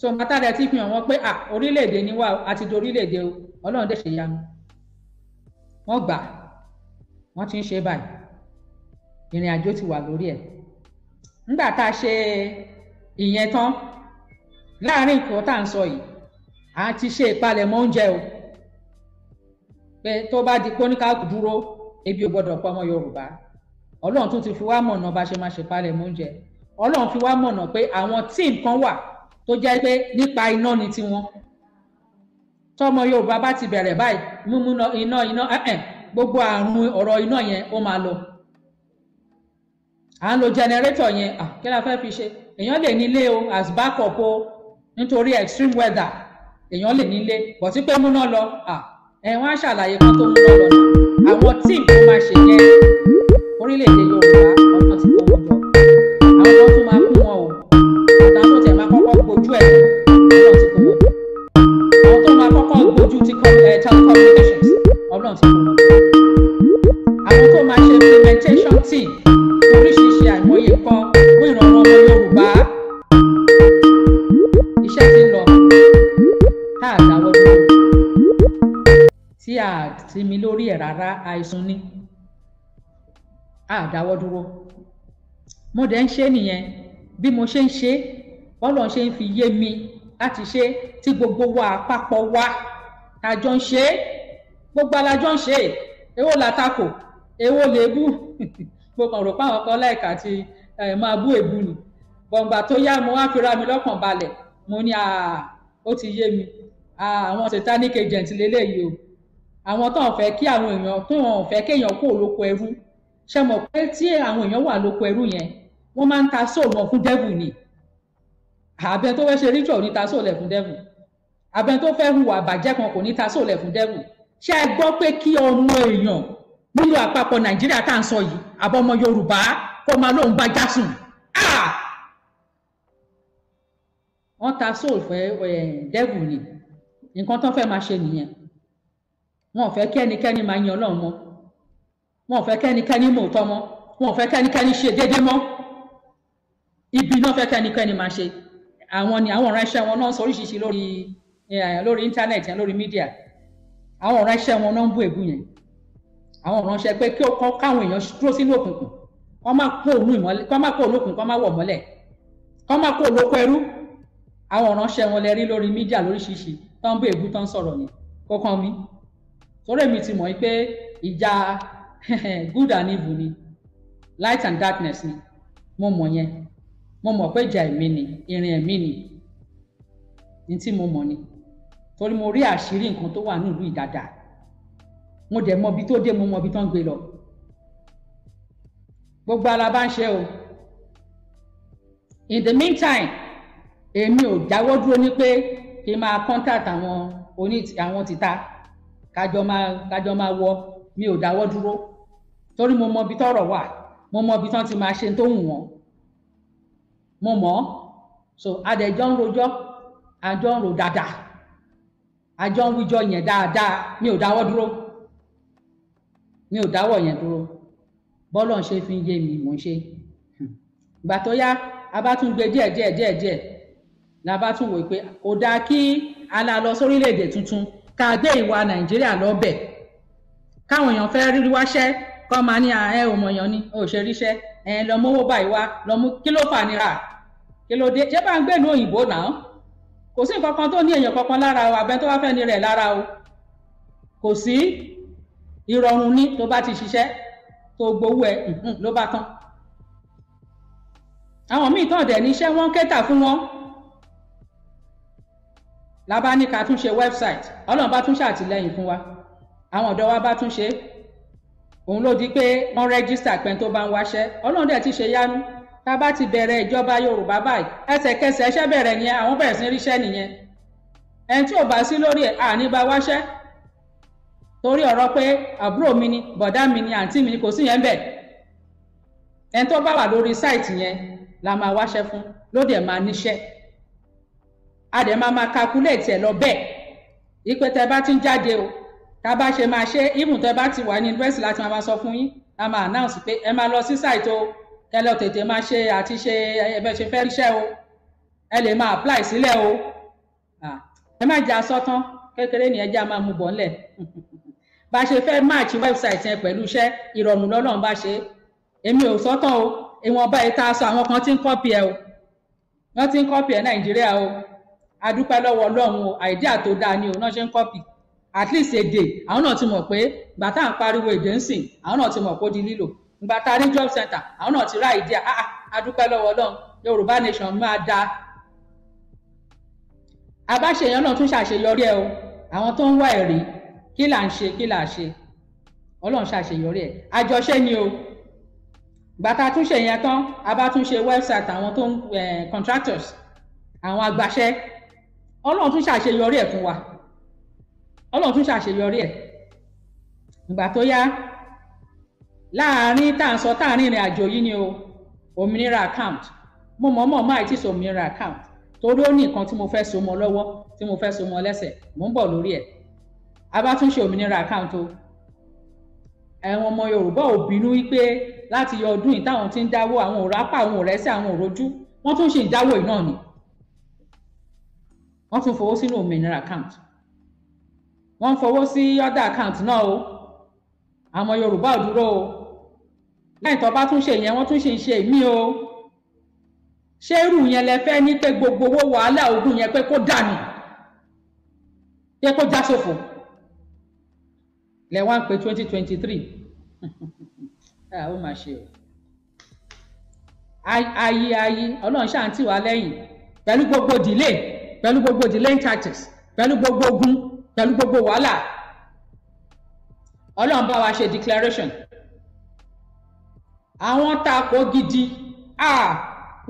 so mátàdé ti fi hàn wọn pé ah orílẹ̀-èdè ni wà àti di orílẹ̀-èdè o ọlọ́run dẹ̀ ṣe yanu wọ́n gbà wọ́n ti ń ṣe báyìí ìrìn àjò ti wà lórí ẹ̀ nígbà tá a ṣe ìyẹn tán láàárín nǹkan tá à ń sọ yìí à ti ṣe ìpalẹ̀mọ́ oúnjẹ o pé tó bá di kóníkàkù dúró ebi ò gbọ́dọ̀ pa ọmọ Yorùbá Ọlọ́run tún ti fi wá mọ̀nà bá ṣe máa ṣe ìpalẹ̀mọ́ oúnjẹ Ọlọ́run fi wá mọ̀nà pé àwọn tíìmù kan wà tó jẹ́ pé nípa iná ni tiwọn tọmọ Yorùbá bá ti bẹ̀rẹ̀ báyìí mímú iná iná gbogbo àrùn ọ̀rọ̀ iná yẹn ó máa lọ à ń lo jẹnẹrétọ̀ yẹn kí a fẹ́ fi ṣe èèyàn lè nílé o as backup o nítorí extreme weather èèyàn lè nílé bọ̀ tí pé múná lọ ẹ̀ wọ́n á ṣàlàyé kan tó múná lọ náà àwọn tíìmù tó máa ṣe yẹn orílẹ̀-èdè Yorùbá àìsùn ni àdáwọ́ dúró mo dẹ̀ ń ṣe nìyẹn bí mo ṣe ń ṣe bọ́lọ̀ ṣe ń fi yé mi láti ṣe tí gbogbo wa àpapọ̀ wa àjọ ń ṣe gbogbo alájọ ń ṣe èwo làtakò èwo lèébù mo kàn rò páwọn kan láìka àti máa bú èébù nù gbọ̀ngbà tó yá mo wá fira mi lọ́kàn balẹ̀ mo ní ó ti yé mi àwọn satanic agent lélẹ́yìí o àwọn tó ń fẹ́ kí àwọn èèyàn tó ń fẹ́ kéèyàn kó lóko ẹrú ṣe mọ̀ pé tí àwọn èèyàn wà lóko ẹrú yẹn wọ́n máa ń ta sóòlù wọn fún dẹ́bù ni àbẹ tó fẹ́ ṣe ritual ní ta sóòlù ẹ̀ fún dẹ́bù àbẹ tó fẹ́ hùwà àbàjẹ́ kan kò ní ta sóòlù ẹ̀ fún dẹ́bù ṣe é gbọ́ pé kí ọmọ èèyàn nílùú àpapọ̀ nàìjíríà tá à ń sọ yìí àbọ̀ ọmọ yorùbá kó máa lóun bá jásùn ah! wọ́n ta sóòlù fẹ́ eh, dẹ́bù ni nǹkan tó fẹ́ máa ṣe nìyẹn wọn ò fẹ́ kí ẹnikẹ́ni máa yan Ọlọ́run mọ́ wọn ò fẹ́ kí ẹnikẹ́ni mọ òótọ́ mọ́ wọn ò fẹ́ kí ẹnikẹ́ni ṣe déédéé mọ́ ibi náà fẹ́ kí ẹnikẹ́ni máa ṣe àwọn ni àwọn ránṣẹ́ wọn náà sọ oríṣiríṣi lórí lórí íńtánẹ́ẹ̀tì yẹn lórí mídíà àwọn ránṣẹ́ wọn náà ń bú ègbú yẹn àwọn ránṣẹ́ pé kí ọkọ káwọn èèyàn dúró sínú òkùnkùn kọ́ má kó òun ìmọ́lẹ̀ kọ́ má kó olókùn kọ́ má wọ̀ mọ́lẹ̀ kọ́ má kó olóko ẹrú àwọn ránṣẹ́ wọn lẹ rí lórí mídíà lóríṣiríṣi tó ń bú ègbú tó ń sọ̀rọ̀ yẹn kó kàn torí èmi ti mọ̀ pé ìjà good and evil ni light and darkness ni mo mọ̀ yẹn mo mọ̀ pé ìjà ẹ̀mí ni ìrìn ẹ̀mí ni ní tí mo mọ̀ ni torí mo rí àṣírí nǹkan tó wà nílùú ìdàdà mo dẹ̀ mọ ibi tó dé mo mọ ibi tó ń gbé lọ gbogbo ara bá ń ṣe o in the meantime èmi ò jáwọ́ dúró ní pé kí n máa contact àwọn oní àwọn tìta kájọ máa kájọ máa wọ mi ò dáwọ́ dúró torí mo mọ ibi tọ́rọ̀ wà mo mọ ibi tán ti máa ṣe tó wù wọ́n mo mọ̀ so adẹ̀jọ́ ń rojọ́ àjọ ń ro dáadáa àjọ ń wíjọ yẹn dáadáa mi ò dáwọ́ dúró mi ò dáwọ́ yẹn dúró bọ́lọ̀ ń ṣe fi ń yé mi mò ń ṣe ìgbà tó yá a bá tún gbé díẹ̀ díẹ̀ díẹ̀ díẹ̀ la bá tún wò pé kò dáa kí a la lọ sórílẹ̀-èdè tuntun ká gbé ìwà nàìjíríà lọ́bẹ̀ káwọn èèyàn fẹ́ rí wáṣẹ́ kọ́ máa ní ẹ ò mọ̀yàn ni ò ṣe ríṣẹ́ ẹ lọ mówó báyìí wá lọ mú kí ló fà nira kí ló dé ṣé bá ń gbèlú òyìnbó náà kò sí nǹkan kan tó ní èèyàn kankan lára o abẹ tó wá fẹ́ ní rẹ̀ lára o kò sí ìrọ̀rùn ní tó bá ti ṣiṣẹ́ tó gbowó ẹ ló bá tán àwọn míì tán dẹ̀ níṣẹ́ wọ́n kẹ́tà fún wọn la bá ní ká tún ṣe website ọlọ́run bá tún ṣàtìlẹ́yìn fún wa àwọn ọ̀dọ́ wa bá tún ṣe òun ló di pé wọ́n rẹ́gísítà pẹ́ni tó bá ń wáṣẹ́ ọlọ́run dẹ̀ ti ṣe yánu tá a bá ti bẹ̀rẹ̀ ìjọba yorùbá báyìí ẹsẹ̀kẹsẹ̀ ẹṣẹ́ bẹ̀rẹ̀ nìyẹn àwọn bẹ̀rẹ̀ sí ríṣẹ́ nìyẹn ẹni tí ò bá sí lórí ẹ̀ àní bá wáṣẹ́ torí ọ̀rọ̀ pé àbúrò mi ni bọ̀dá mi ni àǹtí mi ni kò sí yẹn bẹ̀ ẹni tó bá wà lórí sáìtì yẹn la máa wáṣẹ́ fún ló máa níṣẹ́ a dẹ̀ máa máa calculate ẹ̀ lọ bẹ́ẹ̀ ìpè tẹ bá ti ń jáde o tá a bá ṣe máa ṣe even tẹ bá ti wà ní university láti máa sọ fún yín a máa announce pé ẹ máa lọ sí site o ẹ lọ tètè máa ṣe àti ṣe ẹ ṣe fẹ́ iṣẹ́ o ẹ lè máa apply sílẹ̀ o ẹ má jà sọ́tán kékeré ni ẹja máa mú bọ̀ ńlẹ̀ bá a ṣe fẹ́ match website yẹn pẹ̀lú iṣẹ́ ìrọ̀rùn lọ́lọ́run bá ṣe èmi ò sọ́tàn o ìwọ̀nba ìta sọ àwọn kan ti ń kọ́pì ẹ o wọ́n ti ń kọ́pì ẹ Nàìjíríà o adúpẹ́ lọ́wọ́ ọlọ́run o àìdíà tó dáa ni òun náà ṣe ń kọ́pì at least èdè àwọn náà ti mọ̀ pé ìgbà tá à ń pariwo èdè ń sìn àwọn náà ti mọ̀ kó di lílò ìgbà tá a ní job center àwọn náà ti rá àìdíà ah adúpẹ́ ah, lọ́wọ́ ọlọ́run yorùbá nation máa da abáṣeyàn náà tún ṣàṣeyọrí ẹ o àwọn tó ń wá ẹ̀rí kí là ń ṣe kí là ń ṣe ọlọ́run ṣàṣeyọrí ẹ àjọṣe ni o gbàtà túnṣe yẹn tán abátúnṣe website àwọn tó ń eh, contractors àwọn agbaṣẹ́ ọlọ́run tún ṣàṣeyọrí ẹ̀ fún wa ọlọ́run tún ṣàṣeyọrí ẹ̀ ìgbà tó yá láàárín tá à ń sọ tá à àjò yìí ni o òmìnira account mo mọ̀ mọ̀ máa ti sọ òmìnira account torí ó ní nǹkan tí mo fẹ́ so mọ́ lọ́wọ́ tí mo fẹ́ so mọ́ lẹ́sẹ̀ mò ń bọ̀ lórí ẹ̀ a òmìnira account o àwọn ọmọ yorùbá ò bínú wípé láti yọ ọdún yìí táwọn ti ń dáwó àwọn ò rápá àwọn ò àwọn ò wọ́n tún ṣì ń yìí náà ni wọ́n tún fowó sínú òmìnira account wọ́n fowó sí other account náà o àmọ́ Yorùbá ò dúró o lẹ́yìn tó bá tún ṣe yẹn wọ́n tún ṣe ṣe mí o ṣé irú yẹn lẹ fẹ́ ní pé gbogbo owó wàhálà ogun yẹn pé kó dànù pé kó já sófò lẹ wá ń pe twenty twenty three ah, ó mà ṣe o ayé ayé Ọlọ́run ṣáà ń tì wá lẹ́yìn pẹ̀lú gbogbo delay pẹ̀lú gbogbo delaying tactics pẹ̀lú gbogbo ogun pẹ̀lú gbogbo wàhálà ọlọ́run bá wa ṣe declaration àwọn tako gidi ah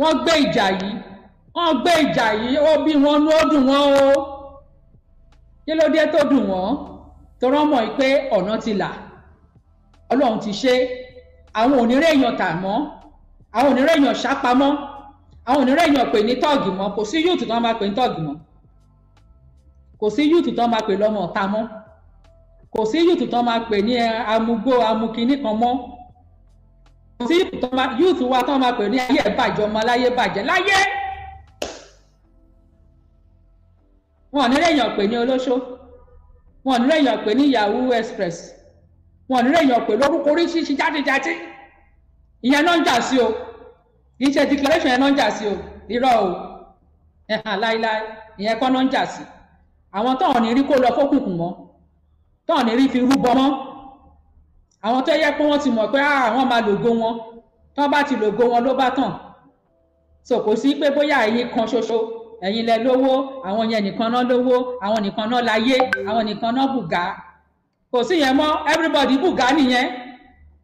wọ́n gbé ìjà yìí wọ́n gbé ìjà yìí ó bí wọn nú ó dùn wọ́n o kí ló dé tó dùn wọ́n torọ́ mọ̀ pé ọ̀nà ti là ọlọ́run ti ṣe àwọn onírèèyàn tà mọ́ àwọn onírèèyàn sápamọ́ àwọn onírẹ́ èèyàn pè ní tọ́ọ̀gì mọ́ kò sí yúùtù tó máa pè ní tọ́ọ̀gì mọ́ kò sí yúùtù tó máa pè lọ́mọ ọ̀tá mọ́ kò sí yúùtù tó máa pè ní amugbó amukiní kan mọ́ kò sí yúùtù wa tó máa pè ní ayé ìbàjẹ́ ọmọ láyé bàjẹ́ láyé wọn onírẹ́ èèyàn pè ní olóṣó wọn onírẹ́ èèyàn pè ní yahoo express wọn onírẹ́ èèyàn pè lórúkọ oríṣiríṣi jáde jáde ìyẹn náà ń jà sí o kì í ṣe declaration yẹn náà ń jà sí o irọ́ o ẹ̀hàn láíláí ìyẹn kọ́ náà ń jà sí àwọn tó hàn ní rí kó lọ fókùnkùn mọ́ tó hàn ní rí fi rúbọ mọ́ àwọn tó yẹ pé wọ́n ti mọ̀ pé àwọn ah, máa lògo wọn tó bá ti lògo wọn ló bá tàn so kò sí pé bóyá ẹ̀yin kan ṣoṣo ẹ̀yin lẹ lówó àwọn yẹn nìkan náà lówó àwọn nìkan náà láyé àwọn nìkan náà bùgá kò sí yẹn mọ́ everybody bùgá nìyẹn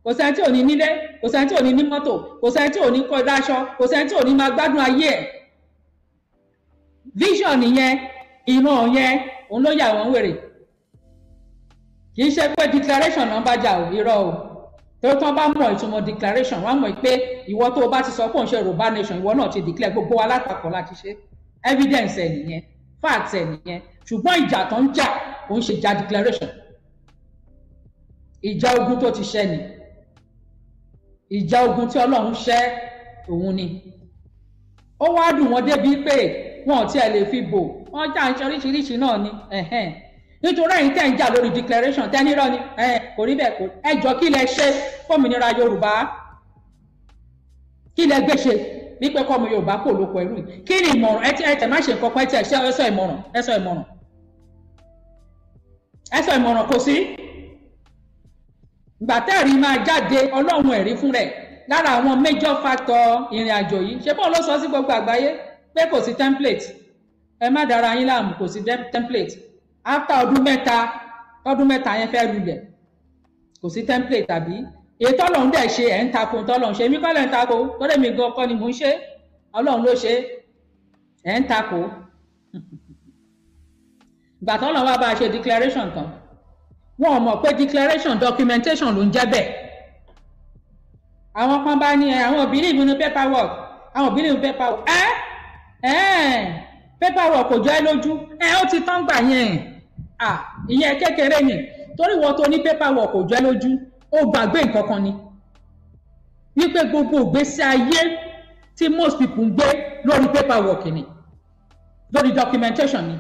kò sẹ́ni tí ò ní nílé kò sẹ́ni tí ò ní ní mọ́tò kò sẹ́ni tí ò ní kọ́ dáṣọ kò sẹ́ni tí ò ní máa gbádùn ayé ẹ̀ vision nìyẹn ìran yẹn òun ló yà wọ́n wèrè kì í ṣe pé declaration náà bá jà ò irọ́ o tó tán bá mọ̀ ìtumọ̀ declaration wọ́n á mọ̀ pé ìwọ tó o bá ti sọ pé òun ṣe Yorùbá nation ìwọ náà ti declare gbogbo wa látakọ̀ láti ṣe evidence ẹ̀ nìyẹn fact ẹ̀ nìyẹn ṣùgbọ́n ìjà tó ń jà òun ṣe ja declaration ìjà ogun tó ti ṣẹ́ nìyẹn ìjà ogun tí ọlọ́run ṣẹ́ òun ni ó wá dùn wọ́n débi pé wọn ò tiẹ̀ lè fi bò wọ́n jà ń ṣe oríṣiríṣi náà ni nítorí ẹ̀yin tẹ̀ ń jà lórí declaration tẹ́nirọ́ ni kò rí bẹ́ẹ̀ kò ẹ jọ kí lẹ ṣe fómìnira yorùbá kí lẹ gbé ṣe wípé kọ́mọ yorùbá kò lóko ẹrú yìí kí ni ìmọ̀ràn ẹ tẹ má ṣe nǹkan kan ẹ tẹ ẹ sọ ìmọ̀ràn ẹ sọ ìmọ̀ràn ẹ sọ ìmọ̀ràn kò sí gbàtẹ́rì máa jáde ọlọ́run ẹ̀rí fún rẹ̀ lára àwọn major factor ìrìn àjò yìí ṣé bọ́ọ̀ ló sọ sí gbogbo àgbáyé pé kò sí template ẹ má dára yín láàmú kò sí template after ọdún mẹ́ta ọdún mẹ́ta yẹn fẹ́ lulẹ̀ kò sí template tàbí èyí tọ́lọ́run dẹ̀ ṣe ẹ̀ ń tako tọ́lọ́run ṣe mí kọ́lẹ̀ ń tako tọ́lẹ̀ mi gan ọkọ ni mò ń ṣe ọlọ́run ló ṣe ẹ̀ ń tako gbàtọ́lọ́run wá bá a ṣe declaration tán wọn mọ̀ pé declaration documentation ló ń jẹ́ bẹ́ẹ̀ àwọn kan bá ní ẹ eh, àwọn òbí nínú paperwork àwọn òbí nínú paperwork ẹ eh? ẹ eh? paperwork kò jọ ẹ lójú ẹ ó ti tán gbà yẹn à ìyẹn kékeré yẹn torí wọn tó ní paperwork kò jọ ẹ lójú ó gbàgbé nǹkan kan ni wípé gbogbo ìgbésí ayé tí most people ń gbé lórí paperwork ni lórí documentation ni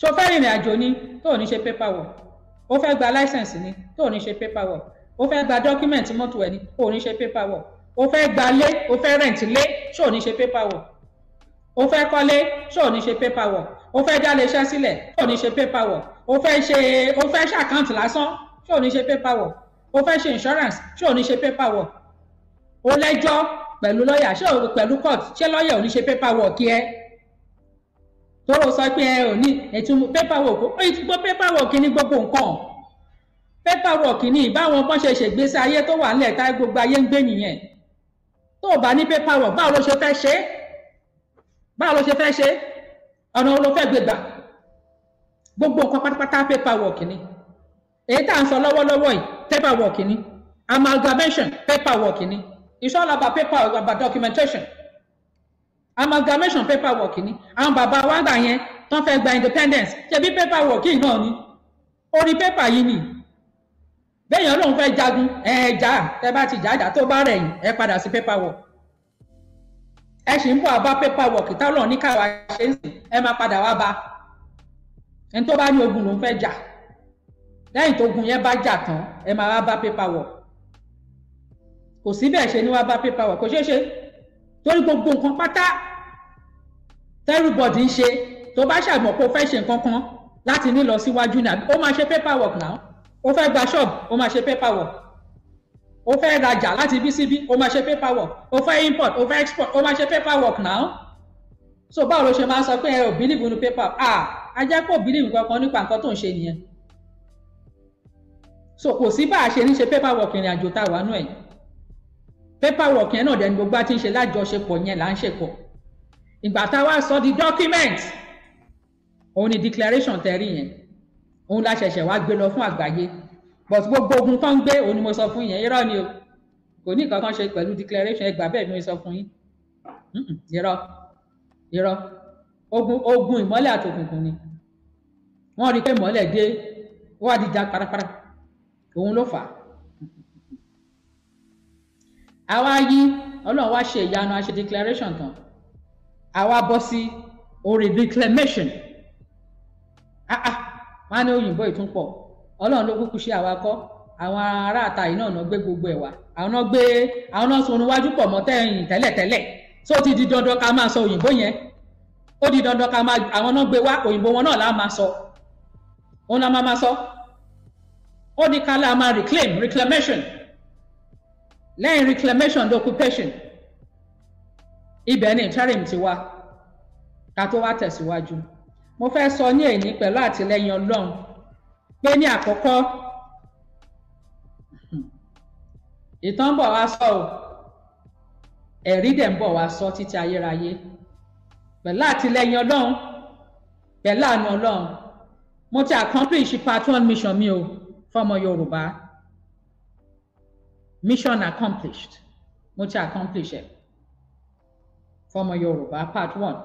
ṣo fẹ́ rìnrìn àjò ni tó ò ní ṣe paperwork ó fẹ́ gba license ni tó ò ní ṣe paperwork ó fẹ́ gba document mọ́tò ẹ̀ ni tó ò ní ṣe paperwork ó fẹ́ gba lé ó fẹ́ rent lé tó ò ní ṣe paperwork ó fẹ́ kọ́lé tó ò ní ṣe paperwork ó fẹ́ dá iléeṣẹ́ sílẹ̀ tó ò ní ṣe paperwork ó fẹ́ ṣe ó fẹ́ ṣàkáǹtì lásán tó ò ní ṣe paperwork ó fẹ́ ṣe insurance ṣé ò ní ṣe paper work ó lẹ́jọ́ pẹ̀lú lọ́ọ̀yà ṣé ò pẹ̀lú court ṣé lọ́ọ̀yà ò ní ṣe paper work yẹ tọrọ sọ pé ẹ ò ní ẹtún pépà wọ kó ẹ ti gbọ́ pépà wọ kí ní gbogbo nǹkan pépà wọ kí ní báwọn kan ṣe ṣègbésí ayé tó wà nílẹ̀ tá gbogbo ayé ń gbé nìyẹn tó o bá ní pépà wọ báwo ló ṣe fẹ́ ṣe é báwo ló ṣe fẹ́ ṣe é ọ̀nà wo ló fẹ́ gbé gbà gbogbo nǹkan pátápátá pépà wọ kí ní èyí tá à ń sọ lọ́wọ́lọ́wọ́ yìí pépà wọ kí ní amalgamation pépà wọ kí ní it's amalgamation paperwork ni àwọn bàbá wa gbà yẹn tán fẹ́ gba independence ṣebí paperwork yìí náà ni orí paper yìí ni bẹ́ẹ̀ yẹn lòun fẹ́ jagun ẹ̀ẹ́dà tẹ bá ti jàjà tó bá rẹ̀ yìn ẹ padà sí paperwork ẹ sì ń bọ̀ àbá paperwork táwọn ní káwa ṣe ń sìn ẹ máa padà wá bá ẹni tó bá ní ogun lòun fẹ́ jà lẹ́yìn tó ogun yẹn bá jà tán ẹ máa wá bá paperwork kò sí bẹ́ẹ̀ ṣe ni wá bá paperwork kò ṣeé ṣe torí gbogbo nǹkan pátá tẹ́rùbọ̀dì ń ṣe tó bá ṣàgbọ̀n kó fẹ́ ṣe nǹkan kan láti ní lọ síwájú náà ó máa ṣe paper work náà ó fẹ́ gba ṣọ́ọ̀bù ó máa ṣe paper work ó fẹ́ rajà láti bí síbí ó máa ṣe paper work ó fẹ́ import ó fẹ́ export ó máa ṣe paper work náà so báwo ló ṣe máa sọ pé ẹ ò bílíìfù nu paper ah ajá kò believe kankan nípa nǹkan tó ń ṣe nìyẹn so kò sí bá a ṣe ní ṣe paper work ìrìn àjò tá a wà nù ẹ̀yìn paperwork yẹn náà dẹni gbogbo àti ń ṣe lájọṣepọ̀ yẹn là ń ṣe pọ̀ ìgbà tá a wá sọ di document òun ni declaration tẹ̀rí yẹn òun la ṣẹ̀ṣẹ̀ wá gbé lọ fún àgbáyé but gbogbo ogun kan gbé òun ni mo sọ fún yẹn irọ́ ni o kò ní nǹkan kan ṣe pẹ̀lú declaration ẹgbàá bẹ́ẹ̀ ni mo sọ fún yín irọ́ irọ́ ogun ogun ìmọ́lẹ̀ àtòkùnkùn ni wọ́n rí i pé ìmọ́lẹ̀ dé wọ́n á di ja parapara òun ló fà á àwa yí ọlọ́run wá ṣe ìyanu àṣe declaration tán àwa bọ́ sí orí reclamation ah ah wọn á ní òyìnbó ìtúnpọ̀ ọlọ́run ló kúkú ṣe àwa kọ́ àwọn ará àta yìí náà náà gbé gbogbo ẹ̀ wá àwọn náà gbé àwọn náà sọnù wájú pọ̀ mọ́ tẹ́yìn tẹ́lẹ̀tẹ́lẹ̀ tó ti di dandan ká máa sọ òyìnbó yẹn ó di dandan ká máa àwọn náà gbé wá òyìnbó wọn náà lá máa sọ òun náà máa máa sọ ó ní ká lá máa reclaim reclamation lẹ́yìn reclamation the occupation ibẹ̀ ni interim ti wá ká tó wá tẹ̀síwájú mo fẹ́ sọ ní èyí pẹ̀lú àtìlẹ́yìn Ọlọ́run pé ní àkọ́kọ́ ìtàn ń bọ̀ wá sọ o ẹ̀rí dẹ̀ ń bọ̀ wá sọ títí ayérayé pẹ̀lú àtìlẹ́yìn Ọlọ́run pẹ̀lú àánú Ọlọ́run mo ti accomplish part one mission mi o fọmọ Yorùbá mission accomplished mo ti accomplish ẹ fọmọ yorùbá part one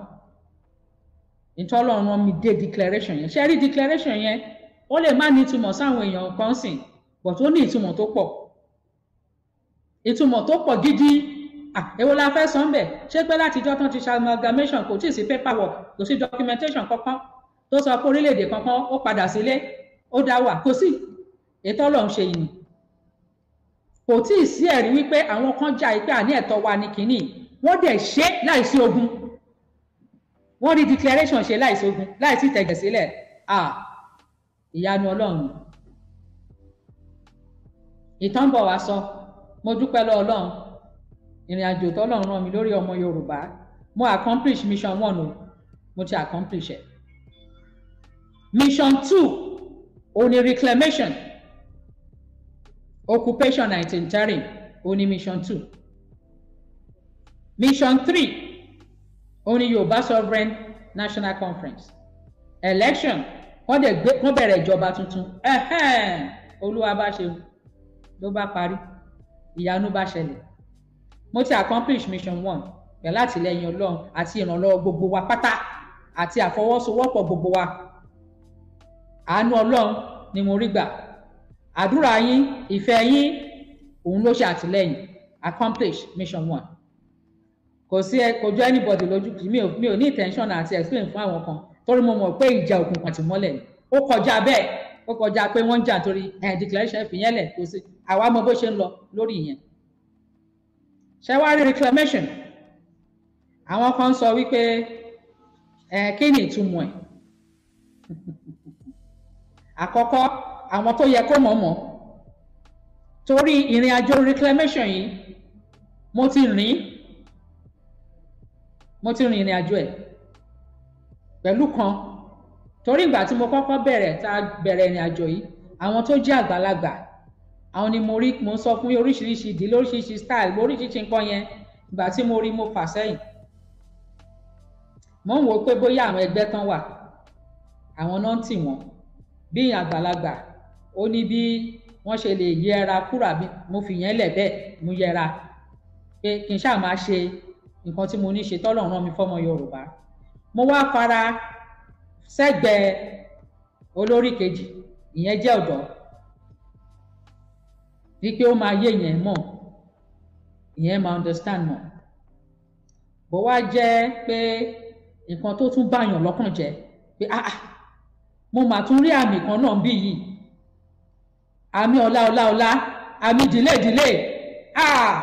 ìtọ́lọ́run mi dé declaration yẹn ṣe rí declaration yẹn ó lè má ní ìtumọ̀ sáwọn èèyàn kan sìn but ó ní ìtumọ̀ tó pọ̀ ìtumọ̀ tó pọ̀ gidi èwo la fẹ́ sọ ń bẹ̀ ṣé pé láti ìjọ́ tán ti ṣe amalgamation kò tíì sí paperwork kò sí documentation kankan tó sọ pé orílẹ̀-èdè kankan ó padà sílé ó dá wà kò sí ètò ọlọ́run ṣe yìí kò tí ì sí ẹ̀rí wípé àwọn kan jà yìí pé àní ẹ̀tọ́ wa ni kínní wọ́n dẹ̀ ṣe láìsí ogun wọ́n rí declaration ṣe láìsí ogun láìsí ìtẹ̀gẹ̀sílẹ̀ ah ìyanu ọlọ́run ìtàn bọ̀ wá sọ mo dúpẹ́ lọ́ ọlọ́run ìrìn àjò tọ́lọ́run ràn mí lórí ọmọ yorùbá mo accomplish mission one o mo ti accomplish ẹ̀ mission two òní reclamation occupation and interring ó mission two mission three ó ní yorùbá sovereign national conference election wọ́n dẹ̀ gbé wọ́n bẹ̀rẹ̀ ìjọba tuntun olúwa bá ṣe ló bá parí ìyanu bá ṣẹlẹ̀ mo ti accomplish mission one pẹ̀lú àtìlẹ́yìn ọlọ́run àti ìrànlọ́wọ́ gbogbo wa pátá àti àfọwọ́sowọ́pọ̀ gbogbo wa àánú ọlọ́run ni mo rí gbà àdúrà yín ìfẹ́ yín òun ló ṣe àtìlẹ́yìn accomplish mission one kò sí ẹ kò jọ anybody lójú mi ò mi ò ní intention àti explain fún àwọn kan torí mo mọ̀ pé ìjà òkùnkùn àti mọ́lẹ̀ ni ó kọjá bẹ́ẹ̀ ó kọjá pé wọ́n ń jà torí ẹ̀ eh, declaration fìyẹn lẹ̀ kò sí àwa mọ̀ bó ṣe ń lọ lórí ìyẹn ṣé wàá rí reclamation àwọn kan sọ wípé ẹ eh, kí ni ìtumọ̀ ẹ̀ àkọ́kọ́ àwọn tó yẹ kó mọ̀ mọ̀ torí ìrìn àjò reclamation yìí mo ti rìn mo ti rìn ìrìn àjò ẹ̀ pẹ̀lú kan torí ìgbà tí mo kọ́kọ́ bẹ̀rẹ̀ tá a bẹ̀rẹ̀ ìrìn àjò yìí àwọn tó jẹ́ àgbàlagbà àwọn ni mo rí mo sọ fún oríṣiríṣi ìdílé oríṣiríṣi style oríṣiríṣi nǹkan yẹn ìgbà tí mo rí mo fà sẹ́yìn mo ń wò pé bóyá àwọn ẹgbẹ́ tán wà àwọn náà ń tì wọ́n bí àgbàlagbà ó ní bí wọ́n ṣe lè yẹra kúrà mo fìyẹn lẹ̀ bẹ́ẹ̀ mo yẹra pé kí n ṣáà máa ṣe nǹkan tí mo ní ṣe tọ́lọ̀ rán mi fọ́mọ Yorùbá mo wá fara sẹ́gbẹ̀ẹ́ olórí kejì ìyẹn jẹ́ ọ̀dọ́ wípé ó máa yé yẹn mọ̀ ìyẹn máa understand mọ̀ bó wá jẹ́ pé nǹkan tó tún báyàn lọ́kàn jẹ́ pé ah mo mà tún rí àmì kan náà bí yìí àmì ọ̀la ọ̀la ọ̀la àmì delay delay ah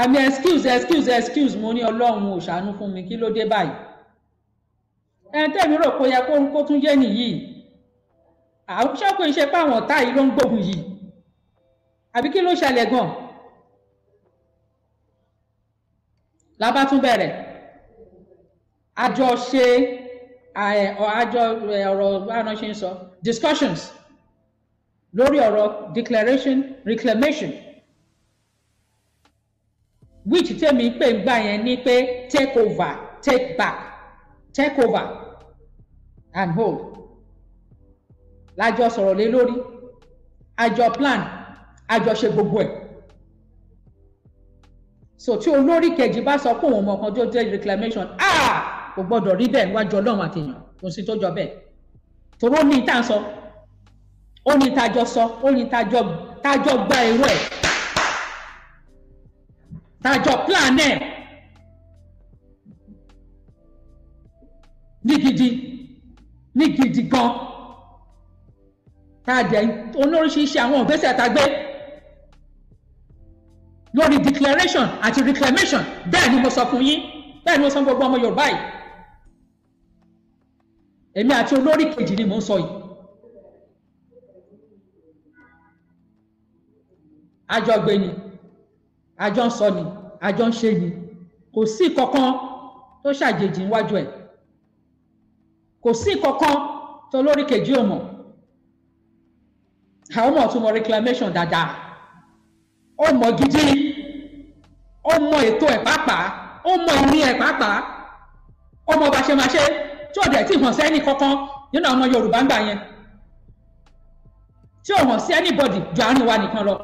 àmì excuse excuse excuse mo ní ọlọ́run ò ṣàánú fún mi kí ló dé báyìí ẹni tẹ́mi rò kó yẹ kó kó tún yé nìyí àwùjọ pé iṣẹ́ páwọn ọ̀tá ló ń gbógun yìí àbí kí ló ṣẹlẹ̀ gan la bá tún bẹ̀rẹ̀ àjọṣe àjọ ọ̀rọ̀ báwọn ṣe ń sọ discussions lórí ọ̀rọ̀ declaration reclamation which tèmi pè ń gbà yẹn ni pé take over take back take over and hold lájọ sọ̀rọ̀ lé lórí àjọ plan àjọ ṣe gbogbo ẹ̀ so tí olórí kejì bá sọ pé òun mọ ọkàn tó dé reclamation ah kò gbọdọ̀ rí bẹ́ẹ̀ wájú Ọlọ́run àtèèyàn kò sí tó jọ bẹ́ẹ̀ toró ní ìtàn sọ. So ó ní tájọ sọ ó ní tájọ tájọ gba èrò ẹ̀ tájọ plan ẹ̀ ní gidi ní gidi gan tá oníoríṣiríṣi àwọn ìgbésẹ̀ tá lórí declaration àti reclamation bẹ́ẹ̀ ni mo sọ fún yín bẹ́ẹ̀ ni mo sọ fún gbogbo ọmọ Yorùbá yìí èmi àti olórí kejì ni mò ń sọ yìí àjọgbé ni àjọ ń sọ ni àjọ ń ṣe ni kò sí kankan tó ṣàjèjì níwájú ẹ̀ kò sí kankan tó lórí kejì ò mọ̀ àwọn ọmọ tó mọ reclamation dáadáa ó mọ gidi ó mọ ètò ẹ̀ pàápàá ó mọ ìní ẹ̀ pàápàá ó mọ bá ṣe máa ṣe tí ò dẹ̀ tí hàn sẹ́ni kankan nínú àwọn Yorùbá ń gbà yẹn tí ò hàn sí anybody ju àárín wa nìkan lọ.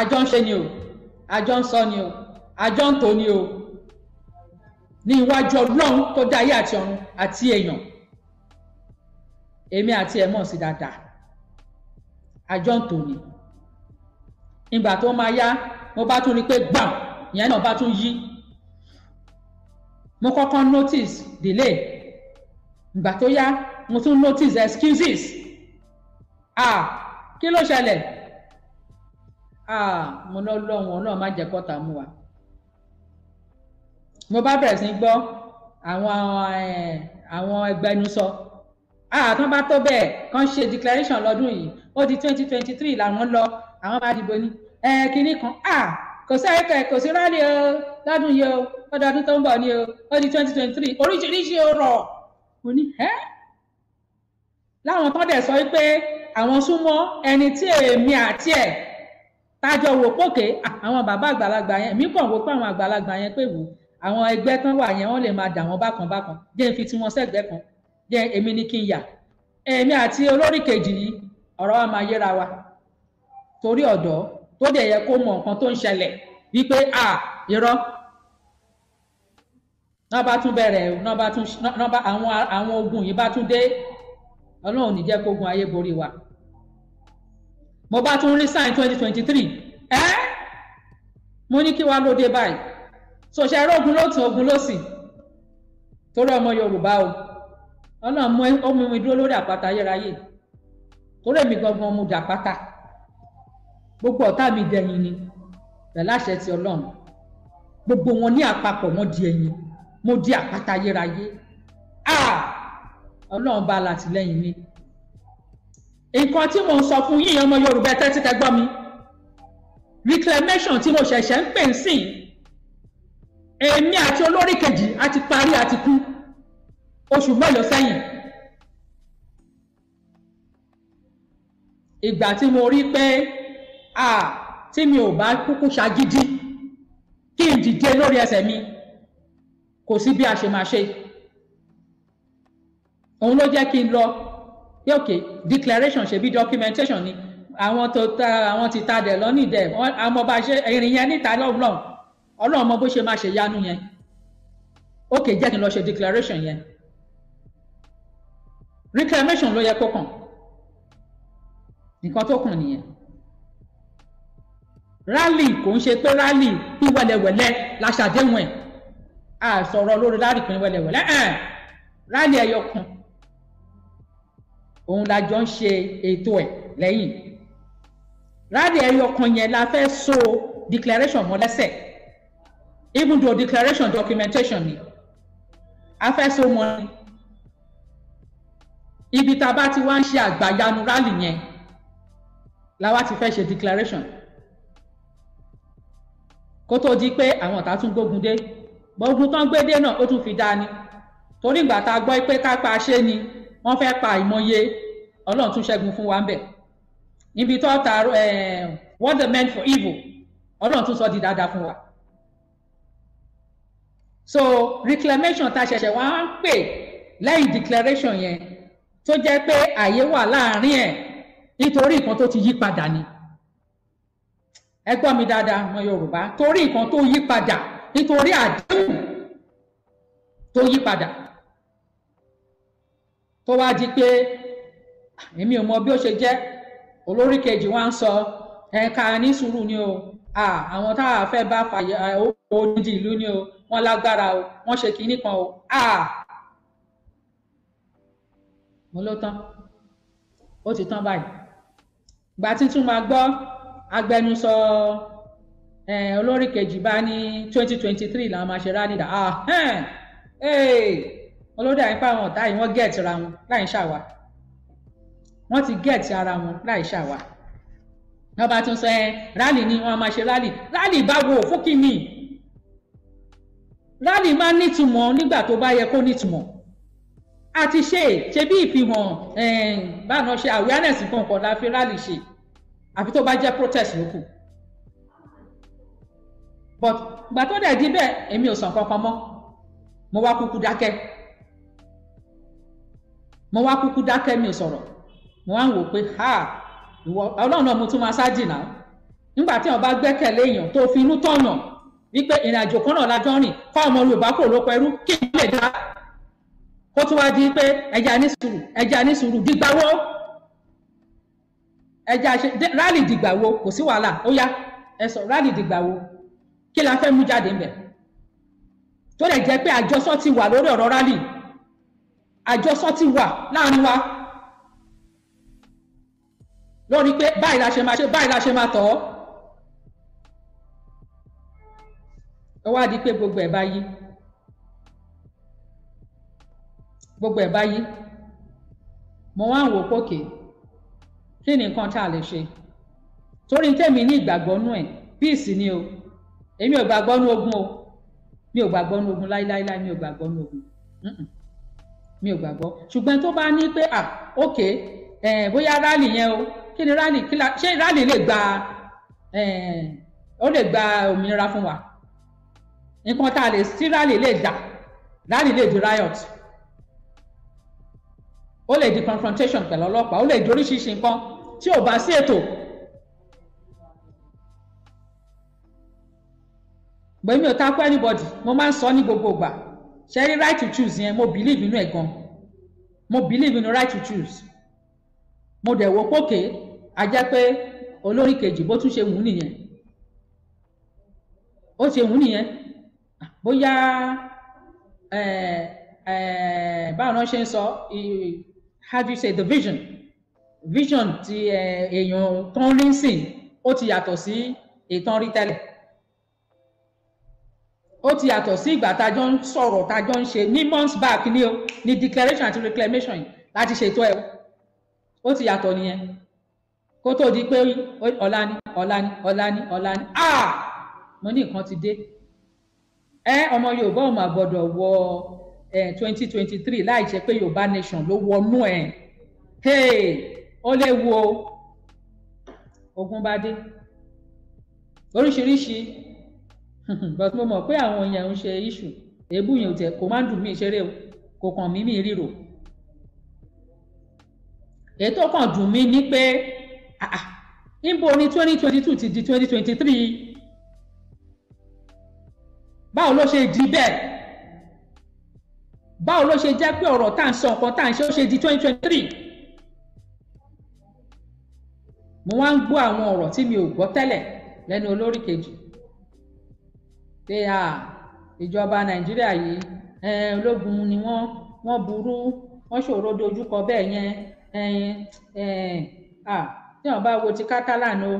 àjọ ń ṣe ni o àjọ ń sọ ni o àjọ ń tò ni o ní iwájú ọlọ́run tó dá ayé àti ọ̀run àti èèyàn èmi àti ẹ̀ mọ̀ sí dáadáa àjọ ń tò ni ìgbà tó máa yá mo bá tún rí i pé gbàm ìyẹn náà bá tún yí mo kọ́kọ́ notice delay ìgbà tó yá mo tún notice excuses ah kí ló ṣẹlẹ̀ mo ná lọ́wọ́n ọlọ́run má jẹ́ kọ́ta mú wa mo bá bẹ̀rẹ̀ sí gbọ́ àwọn àwọn ẹgbẹnusọ àtàn bá tó bẹ́ẹ̀ kàn ṣe declaration lọ́dún yìí ó di twenty twenty three làwọn lọ àwọn máa dìbò ní kínní kan kò sí ẹ̀kẹ́ kò sí rálì o lọ́dún yìí o lọ́dọọdún tó ń bọ̀ ni o ó di twenty twenty three oríṣiríṣi ọ̀rọ̀ mo ní ẹ́ láwọn tó dẹ̀ sọ pé àwọn súnmọ́ ẹni tí èmi àti ẹ̀ tájọ wò pókè àwọn bàbá àgbàlagbà yẹn èmi kàn wò pé àwọn àgbàlagbà yẹn pé wò àwọn ẹgbẹ́ tán wà yẹn wọ́n lè máa dà wọ́n bákan bákan jẹ́ n fi tiwọn sẹ́gbẹ́ kan jẹ́ èmi ni kí n yà èmi àti olórí kejì yìí ọ̀rọ̀ wa máa yéra wa torí ọ̀dọ́ tó dẹ̀ yẹ kó mọ nǹkan tó ń ṣẹlẹ̀ wípé à irọ́ náà bá tún bẹ̀rẹ̀ náà bá tún àwọn ogun yìí bá tún dé ọlọ́run ò ní jẹ́ kógun ayé borí wa mo bá tún rí sign twenty twenty three ẹ́ mo ní kí wàá lóde báyìí ṣòṣe ẹ̀rọ ogun lótùn ogun lósì torí ọmọ Yorùbá o ọlọ́run ó mú mi dúró lórí àpáta ayérayé torí èmi gangan mo dàpáta gbogbo ọ̀tá mi dẹ̀yìn ni pẹ̀lú àṣẹ ti ọlọ́run gbogbo wọn ní àpapọ̀ wọn di ẹ̀yìn mo di àpáta ayérayé ah ọlọ́run bá a látìlẹ́yìn mi nǹkan tí mò ń sọ fún yíyan ọmọ Yorùbá tẹ́tí tẹ́ gbọ́ mi reclamation tí mo ṣẹ̀ṣẹ̀ ń pè ń sìn èmi àti olórí kejì a ti parí a ti kú oṣù mẹ́lòó sẹ́yìn ìgbà tí mo rí pé a tí mi ò bá kúkú ṣagídí kí n dìde lórí ẹsẹ̀ mi kò sí bí a ṣe máa ṣe òun ló jẹ́ kí n lọ yeah, ok declaration ṣe bí documentation ni àwọn tó ta àwọn ti ta dẹ̀ lọ́nìí dẹ̀ wọ́n àmọ́ bá ṣe ìrìn yẹn níta lọ́wọ́lọ́wọ́ ọlọ́run mọ bó ṣe máa ṣe yanu yẹn ok jẹ́ kí n lọ ṣe declaration yẹn reclamation ló yẹ kó kàn nǹkan tó kàn nìyẹn rally kò ń ṣe pé rally bí wẹlẹwẹlẹ la ṣàdéhùn ẹ a sọ̀rọ̀ lórí láàrin pín wẹlẹwẹlẹ ẹ rally ẹyọ kan òun la jọ ń ṣe ètò ẹ̀ lẹ́yìn ráàdì ẹyọ kan yẹn la fẹ́ so declaration mọ́ lẹ́sẹ̀ even though declaration documentation ni a fẹ́ so mọ́ ni ibi tá a bá ti wá ń ṣe àgbàyanu rálì yẹn la wá ti fẹ́ ṣe declaration kó tó di pé àwọn ọ̀tá tún gbógun dé gbógun tán gbé dé náà ó tún fi dá ni torí ìgbà tá a gbọ́ pé ká pa ṣé ni wọ́n fẹ́ pa ìmọye ọlọ́run tún ṣẹ́gun fún wa ń bẹ̀ níbi tó ta eh, what they men for evil ọlọ́run tún sọ di dáadáa fún wa so reclamation ta ṣẹ̀ṣẹ̀ wá ń pè lẹ́yìn declaration yẹn tó jẹ́ pé àyè wà láàrin ẹ̀ nítorí nǹkan tó ti yí padà ni ẹ gbọ́ mi dáadáa ọmọ Yorùbá torí nǹkan tó yí padà nítorí àdéhùn tó yí padà tó wá di pé èmi ò mọ bí ó ṣe jẹ́ olórí kejì wá ń sọ ẹ̀ka ní sùúrù ni o àwọn tá a fẹ́ bá fàyà odi ìlú ni o wọ́n lágbára o wọ́n ṣe kinní kan o mo ló tán ó ti tán báyìí gbà tí tún máa gbọ́ agbẹnusọ olórí kejì bá ní twenty twenty three làwọn máa ṣe ránìdá wọn ló dàbí pé àwọn ọ̀tá yìí wọ́n gẹ̀ẹ́tì ra wọn láì ṣàwà wọ́n ti gẹ̀ẹ́tì ara wọn láì ṣàwà wọ́n bá tún sọ ẹ rálì ni wọ́n máa ṣe rálì rálì báwo fún kínní rálì máa nítumọ̀ nígbà tó bá yẹ kó nítumọ̀ a ti ṣe ṣe bí ìfihàn báwọn ṣe awareness kankan la fi rálì ṣe àfi tó bá jẹ́ protest lókù but gbà tó dẹ̀ di bẹ́ẹ̀ èmi ò sàn kankan mọ́ mo wá kúkú dákẹ́ mo wá kúkú dákẹ́ mi sọ̀rọ̀ mo wá ń wò pé ha ìwọ ọlọ́run náà mo tún máa ṣáàjì náà nígbà tí wọn bá gbẹ́kẹ̀lé èèyàn tó fi inú tọ̀nà wípé ìrìn àjò kan náà lájọ́ rìn fáwọn ọmọ Yorùbá kò ló pẹ̀rú kí n lè dá ó tún wá di pé ẹja ní sùúrù ẹja ní sùúrù dìgbàwó ẹja rálì dìgbàwó kò sí wàhálà ó yá ẹ sọ rálì dìgbàwó kí la fẹ́ mú jáde ńbẹ̀ tó lè jẹ́ pé àjọsọ ti wà lórí ọ̀rọ̀ rálì àjọsọ ti wà láàrin wa lórí pé báyìí la ṣe máa ṣe báyìí la ṣe máa tọ̀ ọ́ ẹ wá di pé gbogbo ẹ̀ bá yí gbogbo ẹ̀ bá yí mo wá ń wò pókè kí ni nǹkan tá a lè ṣe torí tèmi ní ìgbàgbọ́ nú ẹ̀ píìsì ni o èmi ò gbàgbọ́ nú ogun o mi ò gbàgbọ́ nú ogun láíláíláí mi ò gbàgbọ́ nú ogun mi ò gbàgbọ́ ṣùgbọ́n tó bá ní pé à ok bóyá rally yẹn o kí ni rally kí la ṣé rally lè gba ó lè gba òmìnira fún wa nǹkan tá a lè sí rally lè dà rally lè di riot ó lè di confrontation pẹ̀lú ọlọ́pàá ó lè di oríṣiríṣi nǹkan tí ò bá sí ètò gbẹ̀mí ò takú anybody mo máa ń sọ ní gbogbo ìgbà ṣe rí right to choose yẹn mo believe inú ẹ̀ gan mo believe inú right to choose mo dẹ̀ wò pókè a jẹ́ pé olórí kejì bó tún ṣe wù ú nìyẹn ó ṣe wù ú nìyẹn bóyá báwo náà ṣe ń sọ how do you say the vision vision ti èèyàn tó ń rí sìn ó ti yàtọ̀ sí ètò orí tẹ́lẹ̀ ó ti yàtọ̀ sí ìgbà tájọ́ ń sọ̀rọ̀ tájọ́ ń ṣe ní months back ni o ní declaration àti reclamation yìí láti ṣètò ẹ̀ ó ti yàtọ̀ nìyẹn kó tó di pé ọ̀la ni ọ̀la ni ọ̀la ni ọ̀la ni ah mo ní nǹkan ti dé ẹ ọmọ Yorùbá ò mà gbọdọ̀ wọ twenty twenty three láì jẹ́ pé Yorùbá nation ló wọnú ẹ̀ hey ó léwu wo ogun bá dé oríṣiríṣi but mo mọ̀ pé àwọn èèyàn ń ṣe issue èébú yẹn ò tẹ̀ kó má dùn mí ìṣeré o kò kàn mí mí ríro èyí tó dùn mí ni pé níbo ni twenty twenty two ti di twenty twenty three báwo ló ṣe di bẹ́ẹ̀ báwo ló ṣe jẹ́ pé ọ̀rọ̀ tá à ń sọ nǹkan tá à ń ṣe ó ṣe di twenty twenty three mo wá ń gbọ́ àwọn ọ̀rọ̀ tí mi ò gbọ́ tẹ́lẹ̀ lẹ́nu olórí kejì pé à ìjọba nàìjíríà yìí ológun ni wọ́n wọ́n burú wọ́n ṣòro dojúkọ bẹ́ẹ̀ yẹn téèyàn bá wo ti Catalan o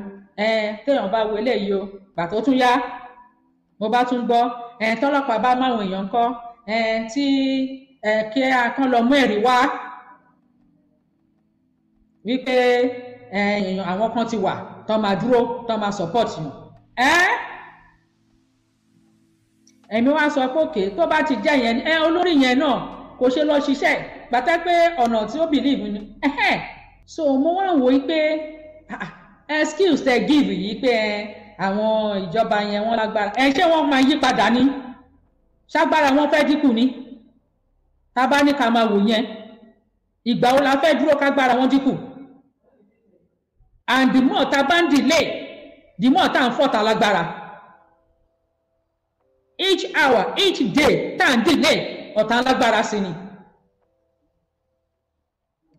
téèyàn bá wo eléyìí o gbà tó tún yá mo bá tún gbọ́ tọ́lọ́pàá bá máwọn èèyàn kọ́ tí kí a kàn lọ mú ẹ̀rí wá wípé àwọn kan ti wà tó máa dúró tó máa support yàn ẹ̀mí wa sọ pé òkè tó bá ti jẹ́ yẹn ẹ olórí yẹn náà kò ṣe lọ ṣiṣẹ́ gbàtà pé ọ̀nà tí ó bìlíìfù ni ẹ̀hẹ́ so mo wá wò ó pé ah, ah, excuse tẹ give yìí pé àwọn ìjọba yẹn wọ́n lágbára ẹ ṣé wọ́n máa yí padà ní ṣágbára wọn fẹ́ dínkù ni tá ní ká máa wò yẹn ìgbà wo la fẹ́ dúró kágbára wọn dínkù and the more tá ń delay the more tá à ń fọ̀tà lágbára each hour each day tá à ń delay ọ̀tá alágbára sí ni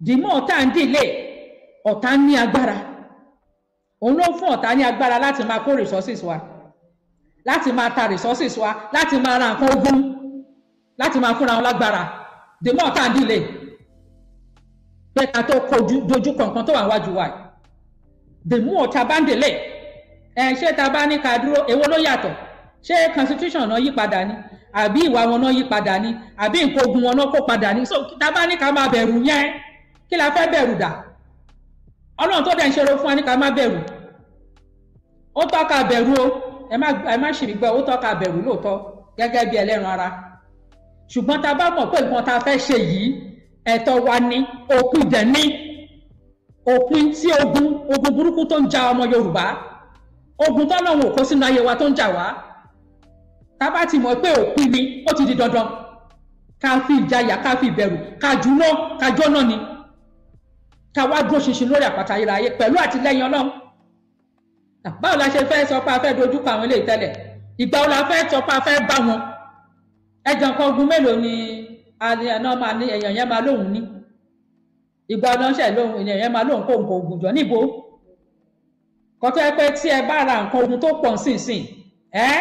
dìmọ́ tá à ń delay ọ̀tá ní agbára òun ló fún ọ̀tá ní agbára láti máa kó resources wa láti máa ta resources wa láti máa ra nǹkan ogun láti máa fúnra wọn lágbára more tá à ń delay bẹ́ẹ̀ ká tó kojú dojú kọ̀ọ̀kan tó wà wájú wa more tá a bá ń delay ẹ̀ ṣé tá bá ní ká dúró èwo ló yàtọ̀ ṣé constitution náà yí padà ni àbí ìwà wọn náà yí padà ni àbí nǹkan ogun wọn náà kó padà ni so tá bá ní ká máa bẹ̀rù yẹn kí la fẹ́ bẹ̀rù dà ọlọ́run tó dẹ̀ ń ṣòro fún wa ní ká má bẹ̀rù ó tọ́ka bẹ̀rù o ẹ má ẹ má ṣì mí gbọ́ ó tọ́ka bẹ̀rù lóòótọ́ gẹ́gẹ́ bí ẹlẹ́ran ara ṣùgbọ́n tá mọ̀ pé nǹkan tá a fẹ́ ṣe yìí ẹ̀tọ́ wa ni òpin dẹ̀ ni òpin tí ogun ogun burúkú tó ń ja ọmọ Yorùbá ogun tọ́lọ́run ò sínú ayé wa tó ń jà wá tábà ti mọ̀ pé òpin ni ó ti di dandan ká fi ìjayà ká fi ìbẹ̀rù ká jùlọ ká jọ́nà ni ká wá dúró ṣinṣin lórí àpáta ayérayé pẹ̀lú àtìlẹ́yìn ọlọ́run báwo la ṣe fẹ́ sọ pé a fẹ́ dojú pa àwọn ilé ìtẹ́lẹ̀ ìgbà wo la fẹ́ sọ pé a fẹ́ bá wọn ẹ̀jọ̀ kan ogun mélòó ni èèyàn yẹn máa lóhùn ní ìgbà ọlọ́ṣẹ́ lóhùn èèyàn yẹn máa lóhùn kó nǹkan ogun jọ níbo kọ́tọ́ ẹ pé tí ẹ bá ra nǹkan ogun tó pọ̀ nísinsìnyí ẹ́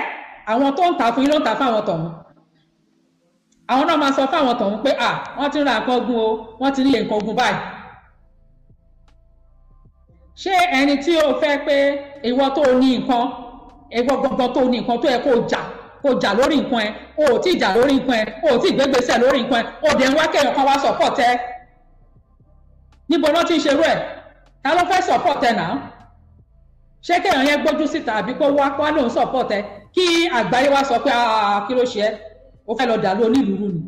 àwọn tó ń tà fún yín ló ń tà fáwọn tọ̀hún àwọn náà máa sọ fáwọn tọ̀hún pé à wọ́n ti ń ra nǹkan ogun o wọ́n ti ń lè nǹkan ogun báyìí ṣé ẹni tí o fẹ́ pé ìwọ tó o ní nǹkan ìwọ gbọ̀ngàn tó o ní nǹkan tó yẹ kó o jà kó o jà lórí nǹkan ẹ o ò tí ì jà lórí nǹkan ẹ o ò tí ì gbégbèsè lórí nǹkan ẹ o dẹ̀ ń wá kéèyàn kan wá support ẹ níbo ló ti ń ṣerú ẹ̀ ta ló fẹ́ support ẹ náà ṣé kéèyàn yẹn gbójú síta àbí kó wá kó wá lóun support ẹ kí àgbáyé wa sọ pé ah, ah, ah, kí ló ṣe ẹ́ o fẹ́ lọ dàlú onílùú ni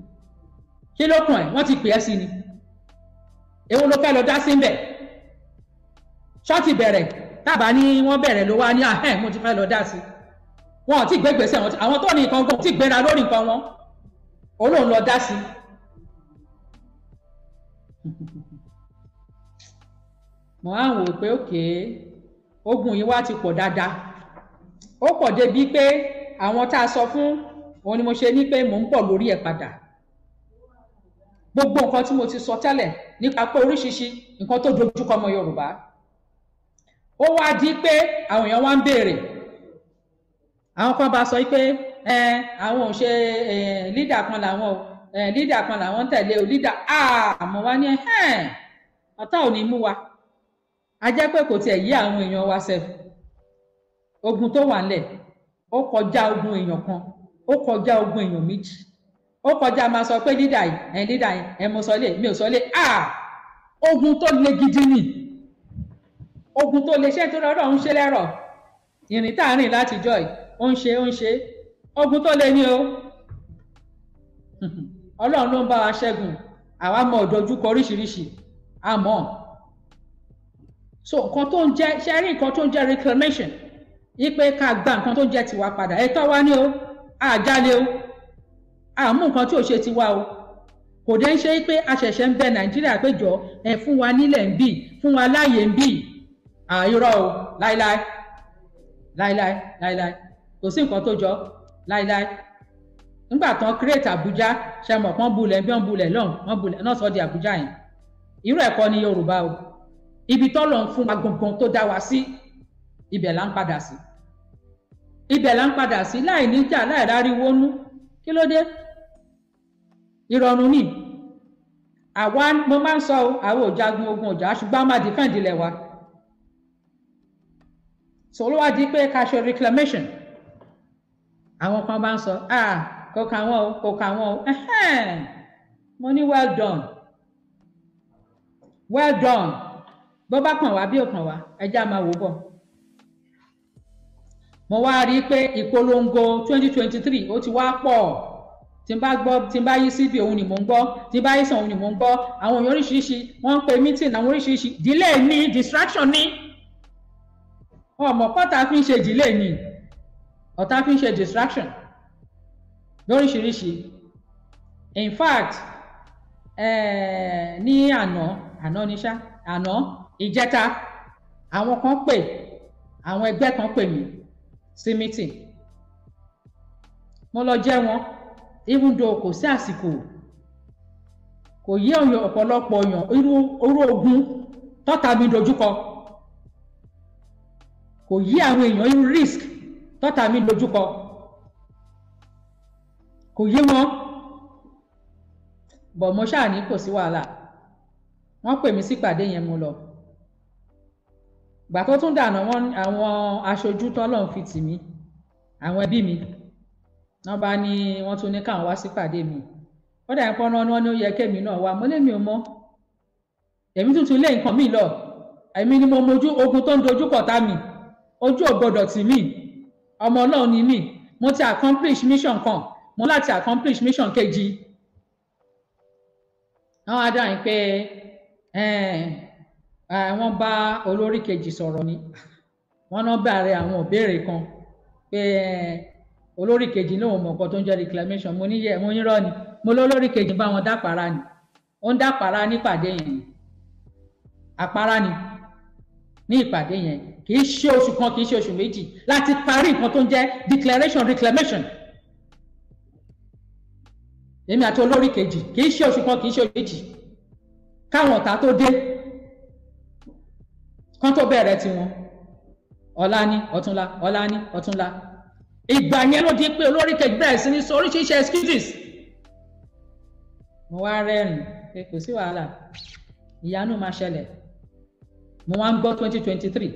kí ló kàn ẹ́ wọ́n ti pè é sí ni èwo ló fẹ́ lọ dá sí bẹ̀ ṣọ́ọ̀tì bẹ̀rẹ̀ tábà ní wọ́n bẹ̀rẹ̀ ló wá ní ahẹ́ mo ti fẹ́ lọ dá sí wọn ò tí gbégbèsè àwọn tó ní nǹkan gbọ́n tí gbéra lórí nǹkan wọn òun lòun lọ dá sí mo á wò pé òkè ogun yìí wá ti pọ̀ dáadáa ó pọ̀ débi pé àwọn tá a sọ fún òun ni mo ṣe ní pé mò ń bọ̀ lórí ẹ̀ padà gbogbo nǹkan tí mo ti sọ tẹ́lẹ̀ nípa pé oríṣiríṣi nǹkan tó dojúkọ ọmọ Yorùbá ó wá di pé àwọn èèyàn wá ń béèrè àwọn kan bá sọ pé àwọn ò ṣe lídà kan làwọn lídà kan làwọn ń tẹ̀lé o lídà àmọ́ wá ní ọ̀tá ò ní mú wa a jẹ́ pé kò tiẹ̀ yí àwọn èèyàn wa sẹ́fù ogun tó wà nílẹ̀ ó kọjá ogun èèyàn kan ó kọjá ogun èèyàn méjì ó kọjá máa sọ pé lídà yìí ẹ lídà yìí ẹ mo sọ lé mi ò sọ lé à ogun tó le gidi ni ogun tó le ṣe tó rọrọ ń ṣe lẹrọ ìrìn tá a rìn látijọ́ yìí ó ń ṣe ó ń ṣe ogun tó le ni o Ọlọ́run ló ń bá wa ṣẹ́gun àwa mọ òdojúkọ oríṣiríṣi àmọ́ so nǹkan tó ń jẹ́ ṣe rí nǹkan tó ń jẹ́ reclamation ipe ká gba nǹkan tó jẹ́ tiwa padà ẹ̀tọ́ wa ni o àjálẹ̀ o àmú nǹkan tí ò ṣe tiwa o kò dé ń ṣe pé a ṣẹ̀ṣẹ̀ ń bẹ nàìjíríà péjọ ẹ fún wa nílẹ̀ ń bì fún wa láàyè ń bì irọ́ o láíláí láíláí láíláí kò sí nǹkan tó jọ láíláí nígbà tán create Abuja ṣe mọ̀ pọ́n bulẹ̀ bí wọ́n bulẹ̀ lọ́hùn wọ́n bulẹ̀ náà sọ di Abuja yẹn irú ẹ̀kọ́ ni Yorùbá o ibi tọ́lọ̀ ń fún wa gangan tó dá wa sí ibẹ̀ là ń padà sí ibẹ̀ là ń padà sí láì níjà láì ráriwó nú kí ló dé ìrọ̀rùn ni àwa mo máa ń sọ o àwọn ò jagun ogun ọjà ṣùgbọ́n a máa defend ilẹ̀ wa sọlọ́wọ́ di pé ká ṣe reclamation àwọn kan bá ń sọ ah kò kà wọ́n o kò kà wọ́n o mo ní well done well done bó bá kàn wá bí ò kàn wá ẹ já máa wò bọ̀ mo wá rí i pé ìpolongo twenty twenty three ó ti wá pọ̀ tí n bá gbọ́ tí n bá yí síbi òun ni mò ń gbọ́ tí n bá yí sàn òun ni mò ń gbọ́ àwọn èèyàn oríṣiríṣi wọ́n ń pe meeting àwọn oríṣiríṣi delay ní distraction ní ọmọ pọ́tà fi ń ṣe delay ní ọ̀tá fi ń ṣe distraction lóríṣiríṣi in fact eh, ní àná àná ní ṣá àná ìjẹta àwọn kan pè àwọn ẹgbẹ́ kan pè mí sí meeting mo lọ jẹ́ wọn even though kò sí àsìkò kò yé ọyàn ọ̀pọ̀lọpọ̀ ọyàn irú orú ogun tọ́ta mi dojúkọ kò yí àwọn èèyàn irú risk tọ́ta mi dojúkọ kò yé wọn bọ̀ mo ṣáà ní kò sí wàhálà wọ́n pè mí sípàdé yẹn mo lọ gbà tó tún dànù wọn àwọn aṣojú tọ́lọ́run fi tì mí àwọn ẹbí mi wọn bá ní wọn tún ní káwọn wá sípàdé mi ó dà pọn náà wọn ní ó yẹ kémi náà wá mọlẹmi ò mọ èmi tuntun lé nǹkan mi lọ èmi ni mo mojú ogun tó ń dojúkọ tá mi ojú ò gbọdọ̀ tì mí ọmọ Ọlọ́run ni mí mo ti accomplish mission kan mo láti accomplish mission kejì àwọn adáyìn pé Eh, wọ́n bá olórí kejì sọ̀rọ̀ ni wọ́n náà bàrẹ àwọn òbéèrè kan pé eh, olórí kejì lóun mọ̀ nǹkan tó ń jẹ́ reclamation mo níyẹ mo nírọ́ ni mo lólórí kejì bá wọn dápara ni ó ń dápara nípàdé yẹn àpárá ni ní ìpàdé yẹn kì í ṣe oṣù kan kì í ṣe oṣù méjì láti parí nǹkan tó ń jẹ́ declaration reclamation èmi àti olórí kejì kì í ṣe oṣù kan kì í ṣe oṣù méjì káwọn ọ̀tá tó dé kán tó bẹ̀rẹ̀ tiwọn ọ̀la ni ọ̀túnla ọ̀la ni ọ̀túnla ìgbà yẹn ló di pé olórí kejì bẹ̀rẹ̀ sí ní sọ oríṣiríṣi excuses mo wá rẹ́rìn pé kò sí wàhálà ìyanu máa ṣẹlẹ̀ mo wá ń gbọ́ twenty twenty three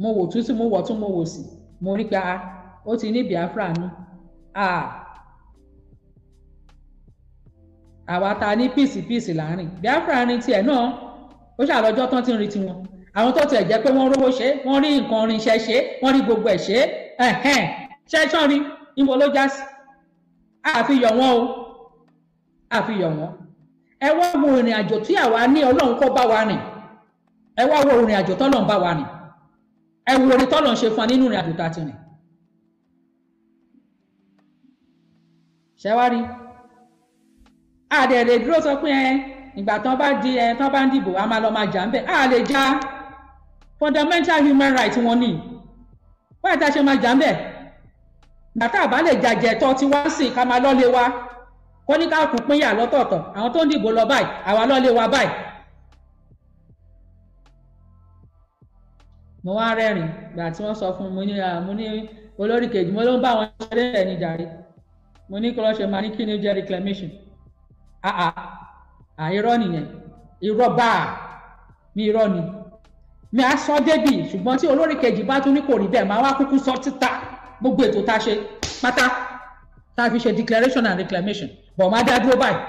mo wò tún sí mo wọ̀ tún mo wò sí mo rí pé ah, ó ti ní Biafra nù ah. àwa ta ní píìsì láàrin Biafra rin tiẹ̀ náà ó ṣàlọ́jọ́ tán ti ń rin tiwọn àwọn tó tẹ̀ jẹ́ pé wọ́n rówó ṣe wọ́n rí nǹkan irinṣẹ́ ṣe wọ́n rí gbogbo ẹ̀ ṣe ṣẹ́ṣán rí níbo ló já sí àfihàn wọn o àfihàn wọn ẹ wá wo ìrìn àjò tí àwa ní ọlọ́run kó bá wa rìn ẹ wá wo ìrìn àjò tọ́lọ́run bá wa rìn ẹ wo orin tọ́lọ́run ṣe fún wa nínú ìrìn àjò tá a ti rìn. ṣẹ́wárí àdẹ̀lẹ̀ dúró sọ pé ẹ ìgbà tán bá di ẹ tán bá ń dìbò a máa lọ máa jà ń bẹ̀ a lè já fundamental human right wọn ni báyìí tá a ṣe máa jà ń bẹ̀ bàtà àbálẹ̀ jàjẹ̀ tọ́ ti wá sí ká máa lọ́lé wa kọ́ ní ká kù pínyà lọ́tọ̀ọ̀tọ̀ àwọn tó ń dìbò lọ báyìí àwa lọ́lé wa báyìí. mo wá rẹ́rìn gbà tí wọ́n sọ fún mi ní mo ní olórí kejì mo ló ń bá àwọn ṣẹlẹ rẹ ní jàre mo ní kí wọ́n ṣe máa ní kí ni ó jẹ́ reclamation àà àìrọ́ nìyẹn irọ́ báà mi irọ́ ni. Ah, ah, mi à sọ débì ṣùgbọ́n tí olórí kejì bá tún ní kò rí bẹ́ẹ̀ máa wá kúkú sọ títa gbogbo ètò tá a ṣe pátá tá a fi ṣe declaration and reclamation bọ̀ máa dá dúró báyìí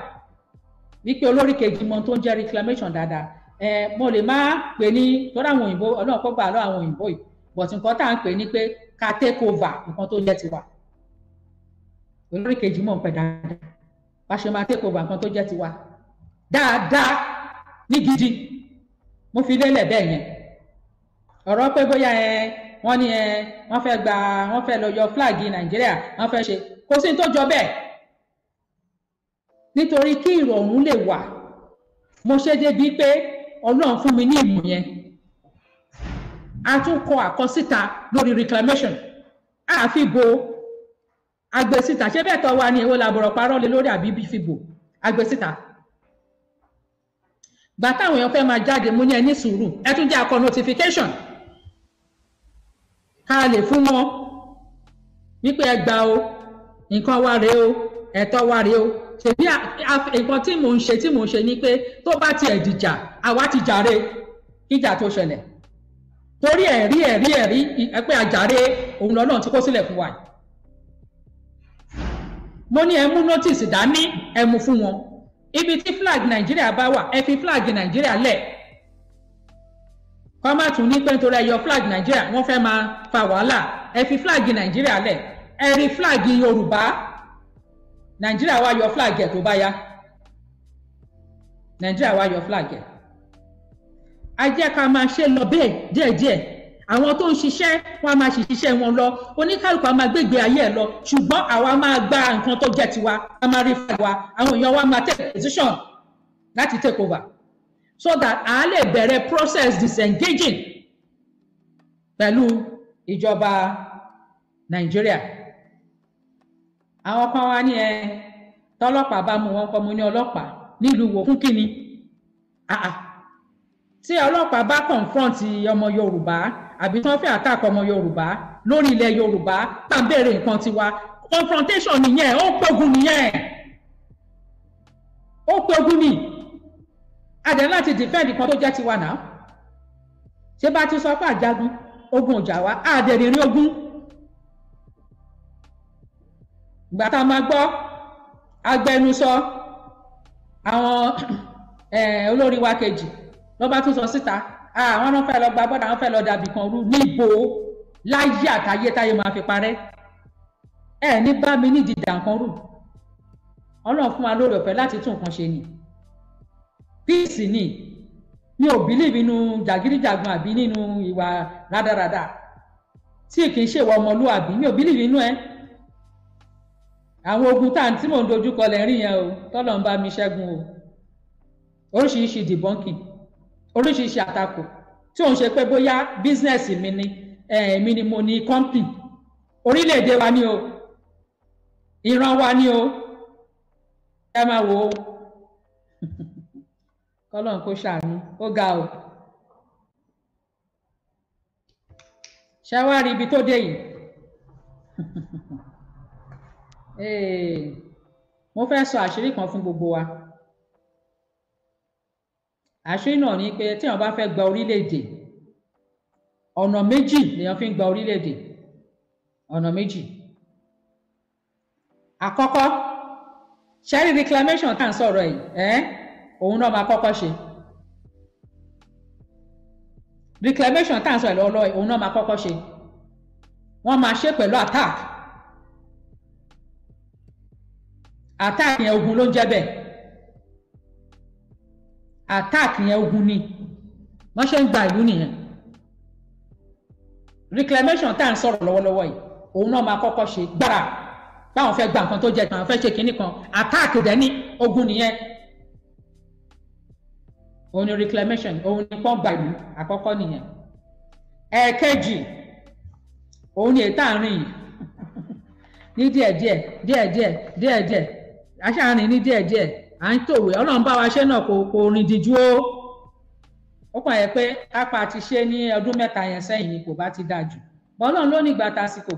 wípé olórí kejì mọ tó ń jẹ́ reclamation dáadáa ẹ mo lè má pè ní lọ́dọ̀ àwọn òyìnbó ọlọ́run kọ́ gbà lọ́dọ̀ àwọn òyìnbó yìí but nǹkan tá à ń pè ní pé ká take over nǹkan tó jẹ́ tiwa olórí kejì mọ̀ pẹ̀ dáadáa bá ṣe máa take over nǹkan tó jẹ́ tiwa dáadáa ní gidi mo fi lélẹ̀ bẹ́ẹ̀ yẹn ọ̀rọ̀ pé bóyá ẹ wọ́n ní ẹ wọ́n fẹ́ gba wọ́n fẹ́ lọ yọ flaagi nàìjíríà wọ́n fẹ́ ṣe kò sí tó jọ bẹ́ẹ̀ nítorí kí ìrọ̀rùn lè wà mo ṣe débi pé ọlọ́run fún mi ní ìmọ̀ yẹn a tún kọ àkọsíta lórí reclamation àfi bo agbésíta ṣé bẹ́ẹ̀ tọ́ wa ní èwo làbọ̀rọ̀ parọ́ lé lórí àbí fi bò gbà táwọn èèyàn fẹ́ máa jáde mo ní ẹ ní sùúrù ẹ tún jẹ́ akọ notification ká lè fún wọn wípé ẹ gbà o nǹkan wa rèé o ẹ̀tọ́ wa rèé o ṣèbí nǹkan tí mò ń ṣe tí mò ń ṣe ni pé tó bá tiẹ̀ dìjà àwa ti jàre kíjà tó ṣẹlẹ̀ torí ẹ̀rí ẹ̀rí ẹ̀rí ẹ̀pẹ́ àjàre òun lọ́nà tí kó sílẹ̀ fún wa mo ní ẹ mú notice dání ẹ mú fún wọn ibi tí flag Nàìjíríà bá wà ẹ fi flag Nàìjíríà lẹ̀ wọ́n má tún ní pé nítorí ẹyọ flag nàìjíríà wọ́n fẹ́ máa fa wàhálà ẹ fi flag nàìjíríà lẹ̀ ẹ rí flag yorùbá nàìjíríà wá yọ flag ẹ̀ tó bá yá nàìjíríà wá yọ flag ẹ̀ a jẹ́ ká máa ṣe lọ bẹ́ẹ̀ díẹ̀díẹ̀ àwọn tó ń ṣiṣẹ́ wọn a máa sì ṣiṣẹ́ wọn lọ oníkálùkù a máa gbégbé ayé ẹ̀ lọ ṣùgbọ́n àwa máa gba nǹkan tó jẹ́ tiwa a máa rí flag wa àwọn èèyàn wa máa take position láti take over so that a lè bẹ̀rẹ̀ process disengaging pẹ̀lú ìjọba nàìjíríà àwọn kan wá ní ẹ tọlọ́pàá bá mú wọn kọ mú ní ọlọ́pàá nílùú wo fún kínní àà tí ọlọ́pàá bá confront ọmọ yorùbá àbí tí wọ́n fẹ́ attack ọmọ yorùbá lórí ilẹ̀ yorùbá tá à ń nǹkan tiwa confrontation nìyẹn ó pogun nìyẹn ó pogun nìyẹn àdẹ̀ láti defend kan tó jẹ́ tiwa náà ṣé bá ti sọ pé àjagun ogun ọjà wa àdẹ̀ rírí ogun ìgbà tá a máa gbọ́ agbẹnusọ àwọn eh, olórí wa kejì ló bá tún sọ síta àwọn náà fẹ́ lọ gba bọ́dà àwọn fẹ́ lọ dàbí kan rú níbo láyé àtayé táyé máa fi parẹ́ ẹ ní bá mi nídìí dà nǹkan rú ọlọ́run fún wa lórí ọ̀fẹ́ láti tún nǹkan ṣe ni peace ni mi ò believe inú jàgídíjàgan àbí nínú ìwà rádaràda tí kì í ṣe ìwà ọmọlúwàbí mi ò believe inú ẹ àwọn ogun tá à ń tí mò ń dojúkọ lẹ́rìn yẹn o tọ́lọ̀ ń bá mi ṣẹ́gun o oríṣiríṣi debunking oríṣiríṣi àtakò tí òun ṣe pé bóyá bísínẹ́sì mi ni èmi ni mo ní company orílẹ̀-èdè wa ni o ìran wa ni o ẹ máa wò ó Ọlọ́run kò ṣàánú ó ga o. ṣàwárí ibi tó dé yìí mo fẹ́ sọ àṣírí kan fún gbogbo wa àṣírí náà ni pé téèyàn bá fẹ́ gba orílẹ̀-èdè ọ̀nà méjì lèèyàn fi ń gba orílẹ̀-èdè ọ̀nà méjì àkọ́kọ́ ṣẹ́rí reclamation tá à ń sọ̀rọ̀ yìí òun náà máa kọ́kọ́ ṣe reclamation tá à ń sọ ìlọ́lọ́ òun náà máa kọ́kọ́ ṣe wọ́n máa ṣe pẹ̀lú attack attack yẹn ogun ló ń jẹ́ bẹ́ẹ̀ attack yẹn ogun ni wọ́n ṣe ń gba ìlú nìyẹn reclamation tá à ń sọ̀rọ̀ lọ́wọ́lọ́wọ́ yìí òun náà máa kọ́kọ́ ṣe gbára báwọn fẹ́ gba nǹkan tó jẹ tán fẹ́ ṣe kinní kan attack dẹ̀ ogun nìyẹn òun ni reclamation òun ni pọ́n gbàlú àkọ́kọ́ nìyẹn ẹ̀ẹ̀kejì òun ni ètò àárín yìí ní díẹ̀díẹ̀ díẹ̀díẹ̀ díẹ̀díẹ̀ aṣáárín ní díẹ̀díẹ̀ à ń tòwé ọlọ́run bá wa ṣe náà kò kò rìn díjú ó ó kàn yẹ pé kápá ti ṣe ní ọdún mẹ́ta yẹn sẹ́yìn ni kò bá ti dáa jù bọ́lọ́run ló ní ìgbà tásìkò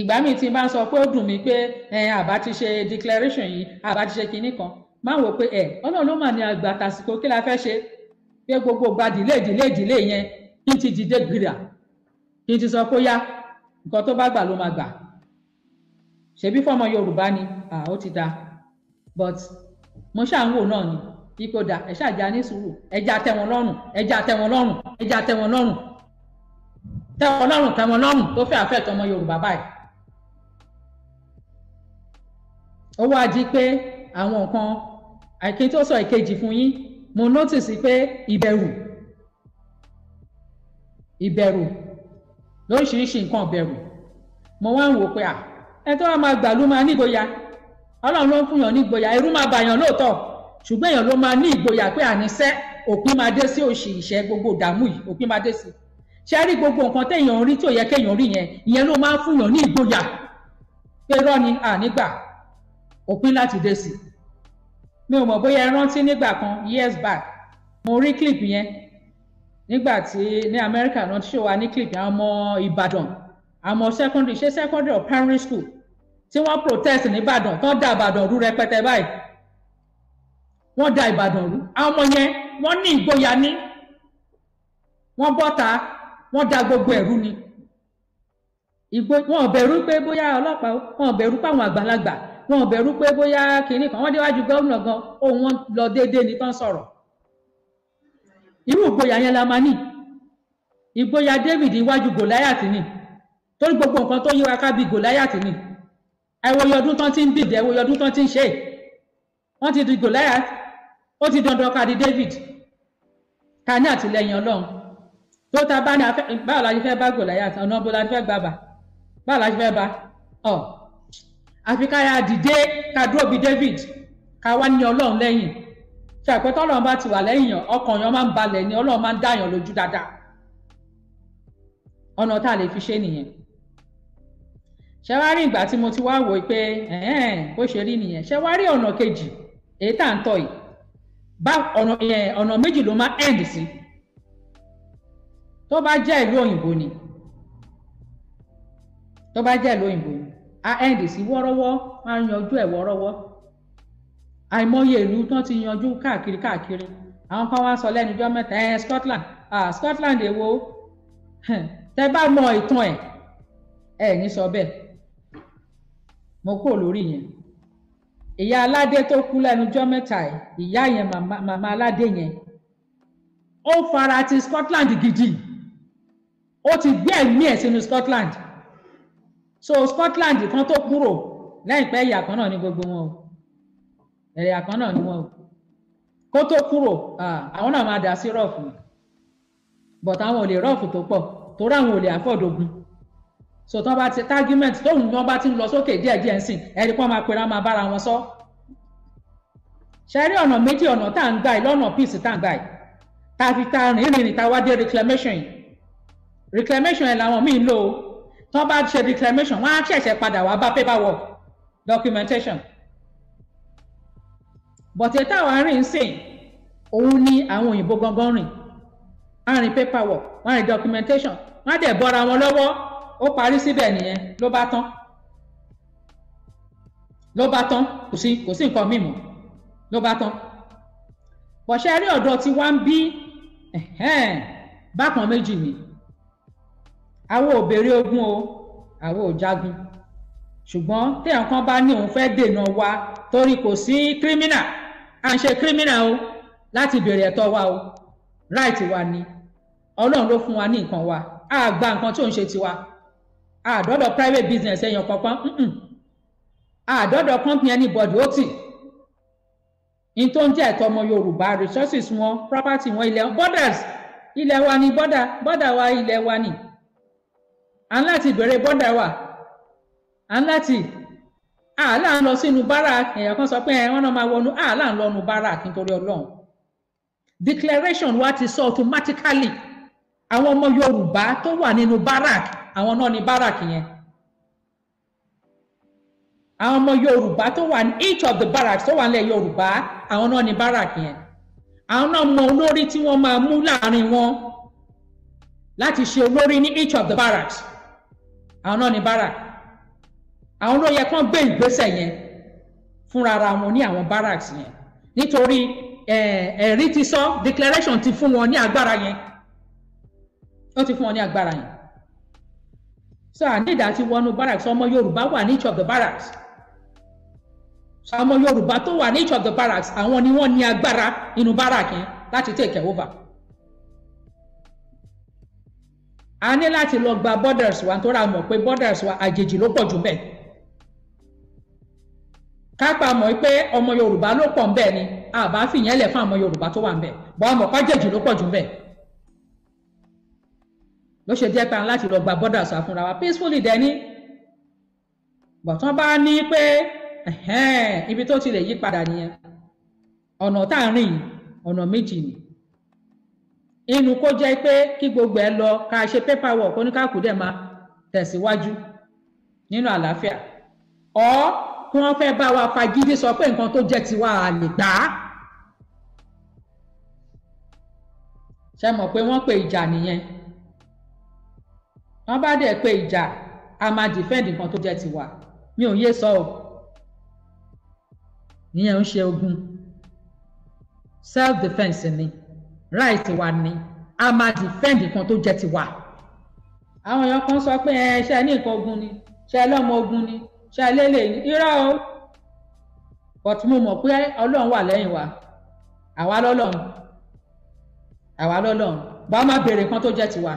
ìgbà míì tí n bá sọ pé ó dùn mí pé àbá ti ṣe declaration yìí àbá ti ṣe kinní kan máa wò pé ẹ ọlọ́run ló mà ní àgbà tàsìkò kí la fẹ́ ṣe pé gbogbo gba dìlé dìlé dìlé yẹn kí n ti dìde gbìrà kí n ti sọ kó yá nǹkan tó bá gbà ló máa gbà ṣebí fọmọ yorùbá ni ó ti da but mo ṣáà ń wò náà ni ipò dà ẹ ṣáà já ní sùúrù ẹ já tẹ́ wọn lọ́rùn ẹ já tẹ́ wọn lọ́rùn ẹ já tẹ́ wọn lọ́rùn tẹ́ wọn lọ́rùn tẹ́ wọn lọ́rùn tó fẹ́ àfẹ́ tọmọ yorùbá báyìí ó wá di pé àwọn nǹkan àìkí tó sọ ìkejì fún yín mo notice pé ìbẹ̀rù ìbẹ̀rù lóríṣiríṣi nǹkan ìbẹ̀rù mo wá ń wò pé à ẹ tó wàá máa gbà ló máa nígboyà ọlọ́run ló ń fún yàn nígboyà ẹ̀rù máa bàyàn lóòótọ́ ṣùgbọ́n èèyàn ló máa ní ìgboyà pé àníṣẹ́ òpin máa dé sí òṣì ìṣẹ́ gbogbo ìdààmú yìí òpin máa dé sí ṣe rí gbogbo nǹkan téèyàn rí tó yẹ kéèyàn rí yẹn ìyẹn ló máa ń fún yàn ní ìgboyà pé rọ́ni ànígbà òpin láti dé sí i mi ò mọ̀ bóyá ẹ rántí nígbà kan years back mo rí clip yẹn nígbà tí ní America náà ṣó wa ní clip àwọn ọmọ Ìbàdàn àwọn ọmọ secondary ṣé secondary or primary school tí wọ́n protest nìbàdàn tán da Ìbàdàn rú rẹpẹtẹ báyìí wọ́n da Ìbàdàn rú àwọn ọmọ yẹn wọ́n ní ìgboyà ní wọ́n bọ́ta wọ́n da gbogbo ẹ̀rú ni ìgbó wọn ò bẹ̀rù pé bóyá ọlọ́pàá wọn ò bẹ̀rù pàwọn àgbàlagbà wọn ò bẹ̀rù pé bóyá kinní kan wọ́n déwájú gómìnà gan ohun wọn lọ déédéé ní tán sọ̀rọ̀ irú ìgboyà yẹn la máa ní ìgboyà David iwájú Goliath ni torí gbogbo nǹkan tó yíwa ká bí Goliath ni ẹwọ́yọ ọdún tán ti ń bìdẹ̀ ẹwọ́yọ ọdún tán ti ń ṣe é wọ́n ti di Goliath ó ti dandan ká di David ká ní àtìlẹyìn Ọlọ́run tó ta bá ní báwo la ṣe fẹ́ bá Goliath ọ̀nà bó la ṣe fẹ́ gbà bá báwo la ṣe fẹ́ bá ọ̀ àfi ká yára dìde ká dúró bíi David ká wá ní Ọlọ́run lẹ́yìn ṣe àpẹtọ Ọlọ́run bá ti wà lẹ́yìn yàn ọkàn yàn máa ń balẹ̀ ni Ọlọ́run máa ń dáyàn lójú dáadáa ọ̀nà tá a lè fi ṣe nìyẹn ṣe wá rí ìgbà tí mo ti wá wò ó pé bó ṣe rí nìyẹn ṣe wá rí ọ̀nà kejì èyí tá à ń tọ̀ yìí bá ọ̀nà méjì ló máa end sí tó bá jẹ́ ìlú òyìnbó ni tó bá jẹ́ ìlú òyìnbó ni a end sí wọ́rọ́wọ́ a yanjú ẹ̀ wọ́rọ́wọ́ àìmọye ìlú tán ti yanjú káàkiri káàkiri àwọn kan wá sọ lẹ́nu mẹ́ta ẹ̀ Scotland ah Scotland èwo tẹ bá mọ ìtàn ẹ̀ ẹ̀ ní sọ bẹ́ẹ̀ mo kúrò lórí yẹn ìyá aládé tó kú lẹ́nu ọjọ́ mẹ́ta ẹ̀ ìyá yẹn màmá aládé yẹn ó fara ti Scotland gidi ó ti gbé ẹ̀mí ẹ̀ sínú Scotland. so Scotland kan tó kúrò lẹ́yìn pé ẹ̀yà kan náà ni gbogbo wọn o ẹ̀yà kan náà ni wọn o kó tó kúrò àwọn náà máa dà sí rọ́ọ̀fù but àwọn ò lè rọ́ọ̀fù tó pọ̀ torí àwọn ò lè àfọ̀dógún so tí wọ́n bá ti targiment tóun ni wọ́n bá ti ń lọ sókè díẹ̀díẹ̀ ń sìn ẹni pọ́n máa pera máa bára wọn sọ ṣe rí ọ̀nà méjì ọ̀nà tá à ń gbà yìí lọ́nà peace tá à ń gbà yìí tá a fi ta rìn rìn ta wá dé reclamation reclamation yẹn làwọn míì ń lò ó tó bá ṣe reclamation wọ́n á ṣẹ̀ṣẹ̀ padà wá bá paper work documentation but ètò àwọn arìn sìn òun ni àwọn òyìnbó gangan rìn arìn paper work wọ́n arìn documentation wọ́n á dẹ̀ bọ́ra wọn lọ́wọ́ ó parí síbẹ̀ nìyẹn ló bá tán ló bá tán kò sí kò sí nǹkan mímu ló bá tán bọ̀ṣẹ́ rí ọ̀dọ́ tí wọ́n ń bí bákan méjì ni àwọn ò béèrè ogun o àwọn ò jagun ṣùgbọ́n téèyàn kan bá ní òun fẹ́ dènà wa torí kò sí kírímínà à ń ṣe kírímínà o láti béèrè ẹ̀tọ́ wa o right wa ni ọlọ́run ló fún wa ní nǹkan wa a gba nǹkan tí òun ṣe tiwa a dọ́dọ̀ private business ẹ̀yàn kankan a dọ́dọ̀ company anybody ó tì in tó ń jẹ́ ẹ̀tọ́ ọmọ yorùbá resources wọn property wọn ilẹ̀ borders ilẹ̀ wa ni border border wa ilẹ̀ wa ni à ń láti bẹ̀rẹ̀ bọ́dà wa à ń láti àlà ń lọ sínú barak èèyàn kan sọ pé ẹ wọn náà máa wọnú àlà ń lọ nu barak nítorí Ọlọ́run declaration wa ti sọ automatically àwọn ọmọ Yorùbá tó wà nínú barak àwọn náà ní barak yẹn àwọn ọmọ Yorùbá tó wà ní each of the barracks tó wà nílẹ̀ Yorùbá àwọn náà ní barak yẹn àwọn náà mọ olórí tí wọ́n máa mú láàrin wọn láti ṣe olórí ní each of the barracks àwọn náà ní bára àwọn ló yẹ kán gbé ìgbésẹ̀ yẹn fúnra ara wọn ní àwọn barracks yẹn nítorí ẹ̀rí ti sọ declaration ti fún wọn ní agbára yẹn ó ti fún wọn ní agbára yẹn so ànídàá ti wọnú barracks ọmọ Yorùbá wà ní each of the barracks àwọn Yorùbá tó wà ní each of the barracks àwọn ni wọ́n ní agbára inú barracks yẹn láti take over. a ní láti lọ gba borders wa tó ra mọ̀ pé borders wa àjèjì ló pọ̀ jù bẹ́ẹ̀ kápá mọ̀ pé ọmọ yorùbá ló pọ̀ bẹ́ẹ̀ ni àbá fìyẹn lẹ̀ fún àwọn yorùbá tó wà bẹ́ẹ̀ bọ́ ọmọ kọ́jèjì ló pọ̀ jù bẹ́ẹ̀ ló ṣe jẹ́ pé a láti lọ gba borders wa fúnra wa peacefully dẹ́ni bọ̀tán bá ní pé ibi tó ti lè yí padà nìyẹn ọ̀nà tá a rìn ọ̀nà méjì ni inú kó jẹ́ pé kí gbogbo ẹ lọ ká ṣe pépà wọ̀ kó ní káàkú dẹ̀ máa tẹ̀síwájú nínú àlàáfíà ọ kí wọ́n fẹ́ bá wa fagídí sọ pé nǹkan tó jẹ́ tiwa à lè gbà á ṣe mọ̀ pé wọ́n pe ìjà nìyẹn wọ́n bá dẹ̀ pe ìjà a máa dìfẹ́ǹdì nǹkan tó jẹ́ tiwa mi ò yé sọ o ìyẹn ń ṣe ogun self defence ni right wa ni a máa defend nǹkan tó jẹ́ tiwa. àwọn èèyàn kan sọ pé ẹ ṣe ní nǹkan ogun ni ṣe lọ́mọ ogun ni ṣe lélẹ̀ ní irọ́ o but mo mọ̀ pé ọlọ́run wà lẹ́yìn wa àwa lọ́lọ́run àwa lọ́lọ́run bá má béèrè nǹkan tó jẹ́ tiwa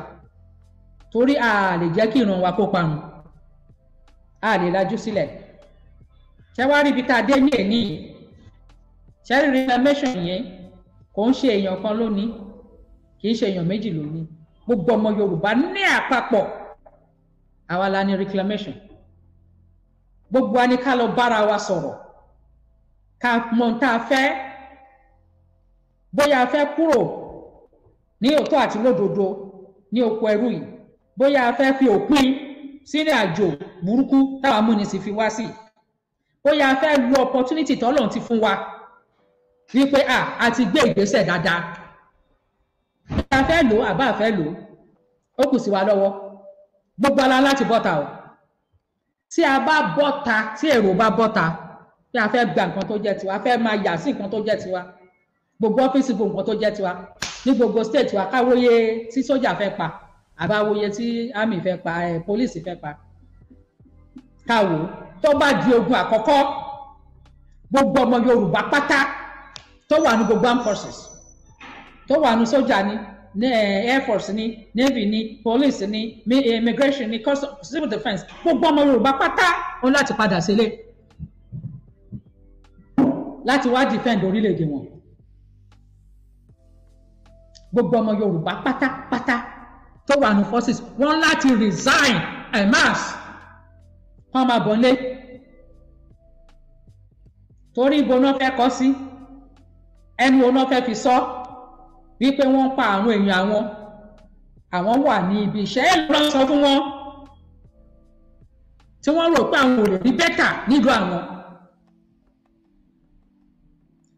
torí a lè jẹ́ kí ìran wa kó parun a lè lajú sílẹ̀ ṣé wàá rí ibi tá a dé ní èní ṣé rí rí information yẹn kò ń ṣe èèyàn kan lónìí kì í ṣe èèyàn méjì lónìí gbogbo ọmọ yorùbá ní àpapọ̀ àwa la ní reclamation gbogbo wa ni ká lọ bára wa sọ̀rọ̀ ká mọ tá a fẹ́ bóyá a fẹ́ kúrò ní òótọ́ àti lódodo ní oko ẹrú yìí bóyá a fẹ́ fi òpin sínú àjò burúkú táwa múnisìn fi wá sí bóyá a fẹ́ lo opportunity tọ́lọ́run ti fún wa wípé à a ti gbé ìgbésẹ̀ dáadáa a fẹ́ lò àbá a fẹ́ lò ó kù sí wa lọ́wọ́ gbogbo ala láti bọ́ta o tí a bá bọ́ta tí èrò bá bọ́ta pé a fẹ́ gba nǹkan tó jẹ́ tiwa a fẹ́ máa yà sí nǹkan tó jẹ́ tiwa gbogbo ọ́fíìsì gbogbo nǹkan tó jẹ́ tiwa ní gbogbo state wa káwóye tí sójà fẹ́ pa àbáwóye tí army fẹ́ pa ẹ̀ pólísì fẹ́ pa káwó tó bá di ogun àkọ́kọ́ gbogbo ọmọ Yorùbá pátá tó wà ní gbogbo armed forces tó wà ní sójà ni eh, air force ni navy ni police ni eh, immigration ni civil defence gbogbo ọmọ yorùbá pátá wọn láti padà sílé láti wá defend orílẹ̀-èdè wọn gbogbo ọmọ yorùbá pátápátá tó wà ní forces wọn láti resign en masse kọ́ máa bọ̀ lé torí ibo náà fẹ́ kọ́ sí. Si ẹnu ọ̀nà fẹ́ fi sọ wípé wọ́n ń pa àwọn èèyàn àwọn àwọn wà ní ibi iṣẹ́ ẹ̀ lọ́ọ́ sọ fún wọn tí wọ́n rò pé àwọn ò lè rí bẹ́tà nílùú àwọn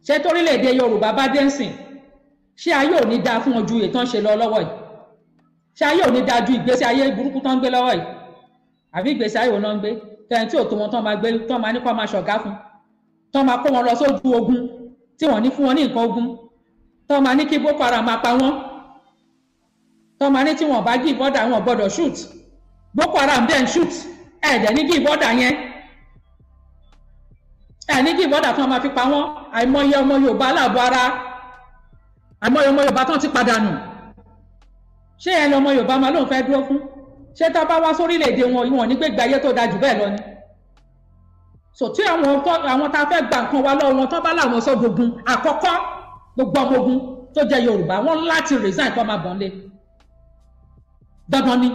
ṣé torílẹ̀-èdè Yorùbá bá dé ń sìn ṣé ayé ò ní dáa fún wọn ju ètò ṣe lọ lọ́wọ́ yìí ṣé ayé ò ní dáa ju ìgbésí ayé burúkú tán ń gbé lọ́wọ́ yìí àbí ìgbésí ayé òun náà ń gbé tẹ̀yìn tí ò wọn tán máa gbé tán máa ní kó máa ṣọ̀gá fún tán máa kó wọn lọ sójú ogun tí wọ́n ní fún wọn ní nǹkan ogun tó máa ní kí boko haram máa pa wọ́n tó máa ní tí wọ́n bá give order wọn gbọ́dọ̀ shoot boko haram dẹ̀ ń shoot ẹ̀ dẹ̀ ní give order yẹn ẹ̀ ní give order tí wọ́n máa fi pa wọ́n àìmọye ọmọ yorùbá aláàbọ̀ ara àìmọye ọmọ yorùbá tó ti padà nù ṣé ẹ lọmọ yorùbá máa lóun fẹ́ dúró fún ṣé tá a bá wá sórílẹ̀-èdè wọn ìwọ̀n nígbègbè ayé tó dájú bẹ́ẹ̀ lọ ni so tí àwọn tó àwọn tá a fẹ́ gba nǹkan wa lọ́wọ́ wọn tó bá láwọn sọ gbogbo àkọ́kọ́ gbogbo ọmọ ogun tó jẹ́ Yorùbá wọn láti resign kọ́ máa bọ̀ lé dandan ni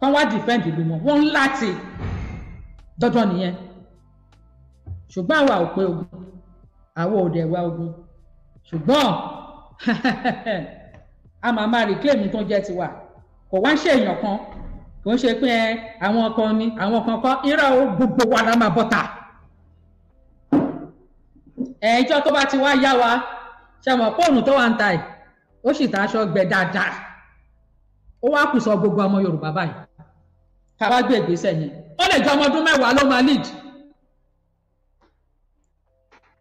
kọ́ wá defend ìlú wọn wọn láti dandan nìyẹn ṣùgbọ́n àwa ò pé ogun àwa ò dẹ̀ wá ogun ṣùgbọ́n a máa máa reclaim tó jẹ́ tiwa kò wá ń ṣe èèyàn kan kò ń ṣe pé àwọn kan ni àwọn kan kọ́ irọ́ o gbogbo wa la máa bọ́ta ẹjọ́ tó bá ti wá yá wa ṣe mọ̀ fóònù tó wà ń ta ẹ̀ ó sì ta aṣọ gbẹ dáadáa ó wá kù sọ gbogbo ọmọ Yorùbá báyìí ká wá gbé ìgbésẹ̀ yẹn ó lè jẹ ọmọ ọdún mẹ́wàá ló máa lead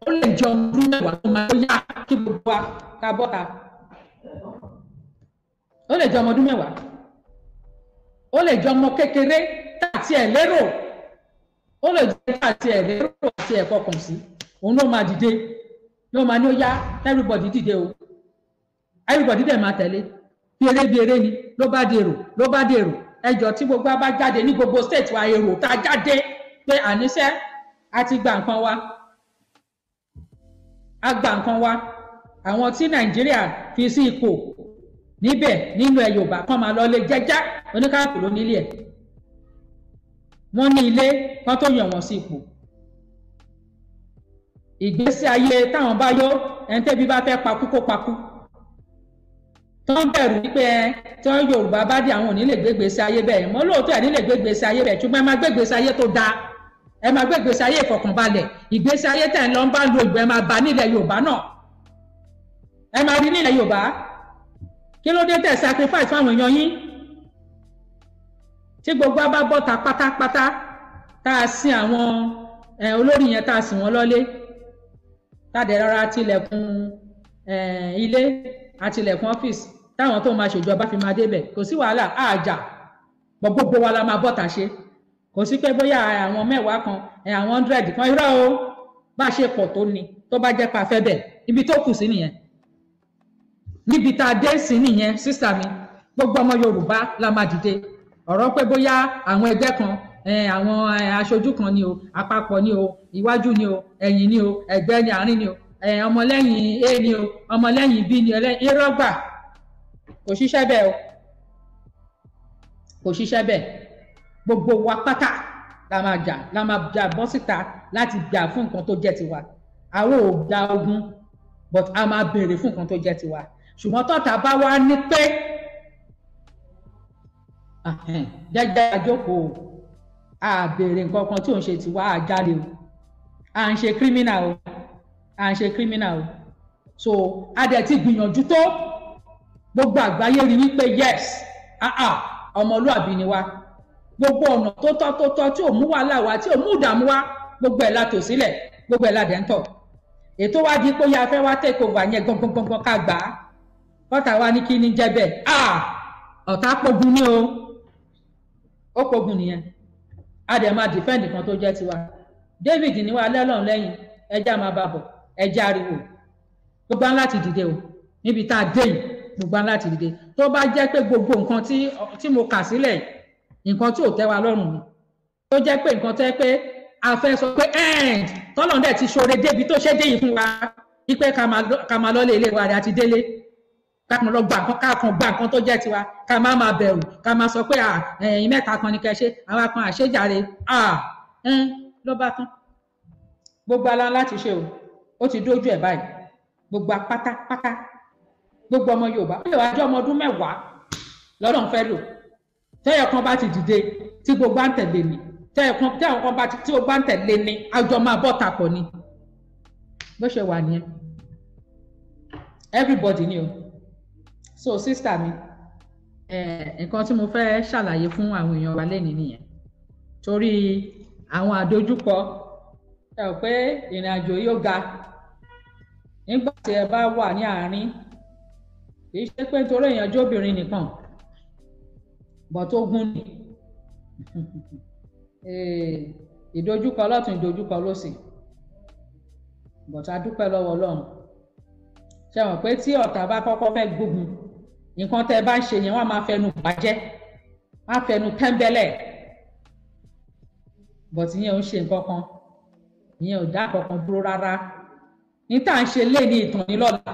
ó lè jẹ ọmọ ọdún mẹ́wàá ló máa yá kí gbogbo wa ká bọ́ta ó lè jẹ ọmọ ọdún mẹ́wàá ó lè jẹ́ ọmọ kékeré tá àti ẹ̀ lérò ó lè jẹ́ tá àti ẹ̀ lérò àti ẹ̀ fọkàn sí òun ló máa dìde ló máa ní ó yá everybody dìde o everybody dẹ̀ máa tẹ̀lé bí eré bí eré ni ló bá dèrò ló bá dèrò ẹjọ́ tí gbogbo a bá jáde ní gbogbo state wa èrò tá a jáde pé àníṣe a ti gba nǹkan wa a gba nǹkan wa àwọn tí Nàìjíríà fi sí ipò níbẹ̀ nínú ẹ yorùbá kàn máa lọ lé jẹ́já oníkàkù ló nílé ẹ̀ wọ́n ní ilé kan tó yàn wọ́n sí ipò ìgbésí ayé táwọn bá yọ ẹ̀ńtẹ́bí bá fẹ́ pakú kó pakú tó ń bẹ̀rù wípé tí wọ́n yorùbá bá dé àwọn òní lè gbégbèsè ayé bẹ́ẹ̀ mọ́ lóòótọ́ ẹ̀ ní lè gbégbèsè ayé bẹ́ẹ̀ ṣùgbọ́n ẹ máa gbégbèsè ayé tó dáa ẹ máa gbégbèsè ayé ìfọkànbalẹ̀ ìgbésí ayé tẹ̀ ń lọ ń bá lo ìgbẹ́ máa bá nílẹ̀ yorùbá náà ẹ máa rí nílẹ̀ yorùbá kí ló dé tẹ̀ sacrifice fáwọn èèyàn yín tí gbogbo a bá bọ́ ta pátápátá tá a sin àwọn olórí yẹn tá a sìn wọ́n lọ́lé tá a dẹ̀ rárá tilẹ̀kùn ilé àtilẹ̀kùn ọ́fíìsì táwọn tó máa ṣèjọba fi máa débẹ̀ kò sí wàhálà àjà gbogbo wa la máa bọ́ ta ṣe kò sí pé bóyá àwọn mẹ́wàá kan àwọn hundred kan irọ́ o bá ṣe pọ̀ tó ni tó bá jẹ́ pa fẹ́ bẹ̀ ibi tó kù sí nìyẹn níbi tá a dé sí nìyẹn sísà mi gbogbo ọmọ yorùbá la máa dìde ọ̀rọ̀ pé bóyá àwọn ẹgbẹ́ kan àwọn aṣojú kan ni o àpapọ̀ ni o iwájú ni o ẹ̀yìn ni o ẹ̀gbẹ́ ni àárín ni o ọmọlẹ́yìn a ni o ọmọlẹ́yìn b ni o irọ́ gbà kò ṣiṣẹ́ bẹ́ẹ̀ o kò ṣiṣẹ́ bẹ́ẹ̀ gbogbo wa pátá la máa jà la máa jà bọ́ síta láti jà fún nǹkan tó jẹ́ tiwa àwọn ò gba ogun but a máa béèrè fún nǹkan tó jẹ́ tiwa ṣùgbọ́n tọ́ta bá wá ní pé jẹ́jẹ́ àjókòó a béèrè nǹkan kan tí ò ń ṣe tiwa a jáde o à ń ṣe criminal o à ń ṣe criminal o so a dẹ̀ ti gbìyànjú tó gbogbo àgbáyé rí wípé yes ah ah ọmọlúàbí ni wa gbogbo ọ̀nà tó tọ́ tó tọ́ tí ò mú wàhálà wa tí ò mú ìdààmú wa gbogbo ẹ̀ la tò sílẹ̀ gbogbo ẹ̀ la ń tọ̀ ètò wa di pé ya fẹ́ wá take over yẹn gbọ̀ngbọ̀ngbọ̀n ká gbà á kọ́tà wa ní kí ni jẹ́ bẹ́ẹ̀ à ọ̀tá pogun ní o ó pogun nìyẹn a dẹ̀ máa dìfẹ́ǹdì kan tó jẹ́ tiwa David ní wa lẹ́lọ́n lẹ́yìn ẹjẹ́ a máa bá bọ̀ ẹjẹ́ ariwo gbogbo án láti dìde o níbi tá a dé yìí gbogbo án láti dìde tó bá jẹ́ pé gbogbo nǹkan tí mo kà sílẹ̀ nǹkan tí ò tẹ́ wa lọ́rùn ni tó jẹ́ pé nǹkan tẹ́ pé a fẹ́ sọ pé end tọ́lọ́ndẹ̀ ti ṣoore débi tó ṣe dé yìí fún wa wípé ká máa lọ́lé ilé wa rẹ̀ àti délé ká máa lọ gba nǹkan ká kan gba nǹkan tó jẹ́ tiwa ká má máa bẹ̀rù ká máa sọ pé ẹ̀yin mẹ́ta kan ni kẹ́ ṣe àwa kan àṣejàre ló bá tán gbogbo ala láti ṣe o ó ti dójú ẹ̀ báyìí gbogbo apátápátá gbogbo ọmọ Yorùbá ó lè wá jẹ́ ọmọ ọdún mẹ́wàá lọ́dọ̀ ń fẹ́ lò tẹ́yọ̀ kan bá ti dìde tí gbogbo à ń tẹ̀lé mi tẹ́yọ̀ kan tẹ́yọ̀ kan bá ti tí gbogbo à ń tẹ̀lé ni àjọ máa bọ́ takọ̀ ni bó ṣe wà nìyẹn everybody ni o so sister mi nǹkan tí mo fẹ́ ṣàlàyé fún àwọn èèyàn wa lẹ́nìí nìyẹn torí àwọn àdojúkọ ẹ pé ìrìn àjò yóò ga nígbà tí ẹ bá wà ní àárín kì í ṣe pé nítorí èèyàn jóbìnrin nìkan bọ̀ tó gún ni ìdojúkọ ọlọ́tún ìdojúkọ lósì bọ̀tà dúpẹ́ lọ́wọ́ ọlọ́run ṣe wọ́n pé tí ọ̀tá bá kọ́kọ́ fẹ́ gbógun nǹkan tẹ́ ẹ bá ń ṣe yẹn wọ́n á máa fẹnu bàjẹ́ wọ́n á fẹnu tẹ́ńbẹ́lẹ̀ but ìyẹn ò ń ṣe nǹkan kan ìyẹn ò dá kankan dúró rárá ní tá à ń ṣe léèní ìtànnilọ́la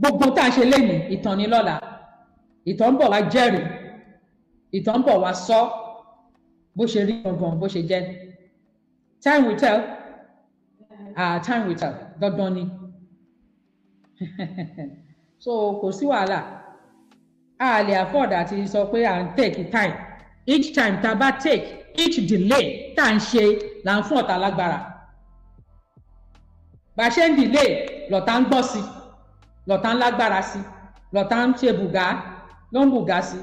gbogbo tá à ń ṣe léèní ìtànnilọ́la ìtàn ń bọ̀ wá jẹ́rìí ìtàn ń bọ̀ wá sọ bó ṣe rí gangan bó ṣe jẹ́ time will tell ah time will tell dandan ni. so kò sí wàhálà a lè afford àti sọ pé à ń take time each time tá bá take each delay tá à ń ṣe là ń fún ọ̀tá lágbára bá a ṣe ń delay lọ́tá ń gbọ́ sí lọ́tá ń lágbára sí lọ́tá ń ṣe bùgá ló ń bùgá sí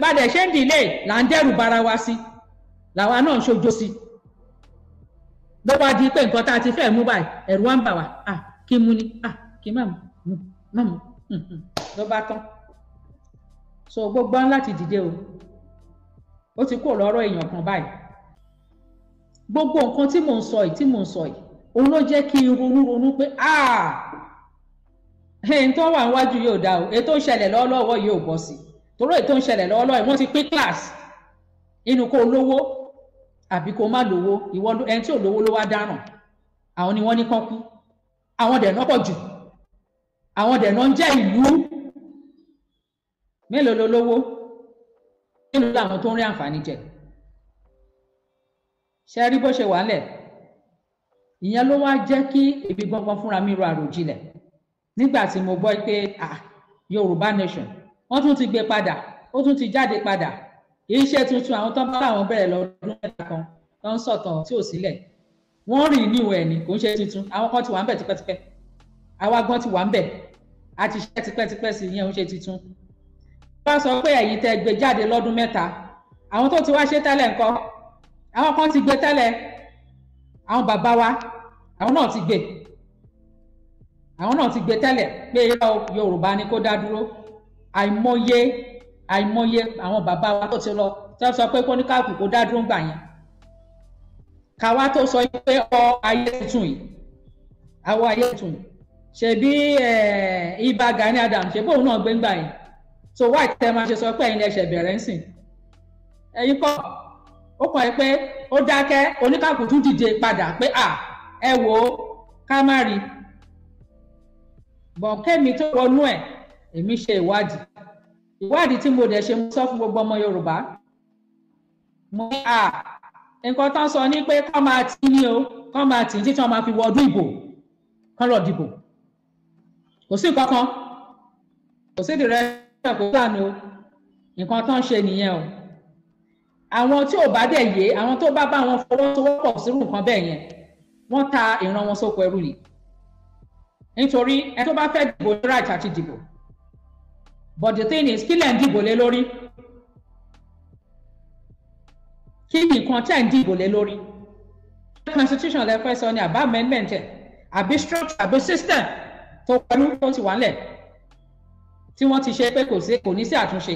bá a dẹ̀ ṣe ń delay là ń dẹ́rù bara wa sí làwa náà ń ṣojo sí ló wá di pé nǹkan tá a ti fẹ́ mú báyìí ẹ̀rù wa ń bà wá kí mú ni kí má mú ló bá tán so gbogbo ń láti dìde o ó ti kúrò lọ́rọ̀ èèyàn kan báyìí gbogbo nǹkan tí mò ń sọ yìí tí mò ń sọ yìí òun ló jẹ́ kí n ronú ronú pé ah ẹ̀yìn tó wà níwájú yóò dá o èyí tó ń ṣẹlẹ̀ lọ́wọ́lọ́wọ́ yóò bọ́ sí torí èyí tó ń lọ́wọ́lọ́wọ́ yìí wọ́n ti pín class inú kó lówó àbí kó má lówó ìwọ ẹni tí ò lówó ló wá dáràn àwọn ni wọ́n ní kán kú àwọn dẹ̀ nọ́pọ̀ jù àwọn dẹ̀nà ń jẹ́ ìlú mélòó ló lówó mélòó làwọn tó ń rí àǹfààní jẹ ṣe rí bó ṣe wà ń lẹ̀ ìyẹn ló wá jẹ́ kí ibi gbọ́ngbọ́n fúnra mi ro àròjinlẹ̀ nígbà tí mo gbọ́ pé ah Yorùbá nation wọ́n tún ti gbé padà ó tún ti jáde padà iṣẹ́ tuntun àwọn tó bá làwọn bẹ̀rẹ̀ lọ́dún mẹ́ta kan tó ń sọ̀tàn tí ò sílẹ̀ wọ́n rìn níwò ẹ̀ ní kò ń ṣe tuntun àwọn kan ti wà ń bẹ̀ tipẹ́tipẹ́ àwa gan ti wà ń bẹ̀ a ti ṣe tipẹ́tipẹ́ sí ìyẹn ń ṣe titun wọ́n sọ pé ẹ̀yin tẹ́ gbé jáde lọ́dún mẹ́ta àwọn tó ti wá ṣe tẹ́lẹ̀ ńkọ́ àwọn kan ti gbé tẹ́lẹ̀ àwọn bàbá wa àwọn náà ti gbé àwọn náà ti gbé tẹ́lẹ̀ pé Yorùbá ni kó dá dúró àìmọye àìmọye àwọn bàbá wa tó ti lọ tó sọ pé kó kó dá dúró ń gbà yẹn káwa tó sọ pé ọ ayé tuntun yìí àwọ ayé tuntun yìí ṣebí eh, ibà Gani Adam ṣe bóun náà gbé ń gbà yìí so why tẹ máa ṣe sọ pé ẹ̀yin ẹ̀ṣẹ̀ bẹ̀rẹ̀ ń sìn ẹ̀yin kọ́ ó kàn ẹ́ pé ó dákẹ́ oníkàkùn tún dìde padà pé à ẹ wò ó ká má rí bọ̀n kẹ́mi tó wọnú ẹ̀ èmi ṣe ìwádìí ìwádìí tí mo dẹ̀ ṣe mo sọ fún gbogbo ọmọ Yorùbá mo ní à nǹkan tán sọ ni pé kọ́ máa tì ní o kọ́ máa tì títí wọ́n máa fi wọ ọdún ìbò kán lọ dìbò kò sí nǹkan kan kò sí ìdìrẹ́ kò sànù o nǹkan tán ṣe nìyẹn o àwọn tí ò bá dẹ̀ yé àwọn tó bá bá wọn fọwọ́sowọ́pọ̀ sírú nǹkan bẹ́ẹ̀ yẹn wọ́n ta ìran wọn sóko ẹrú ni nítorí ẹni tó bá fẹ́ dìbò ní right àti dìbò but the thing is kí lẹ̀ ń dìbò lé lórí kí nǹkan tẹ̀ ń dìbò lé lórí constitution lẹ fẹ́ sọ ni àbá amendment ẹ̀ àbí structure àbí system tó wọnú tó ti wà ńlẹ̀ tí wọ́n ti ṣe pé kò sí kò ní sí àtúnṣe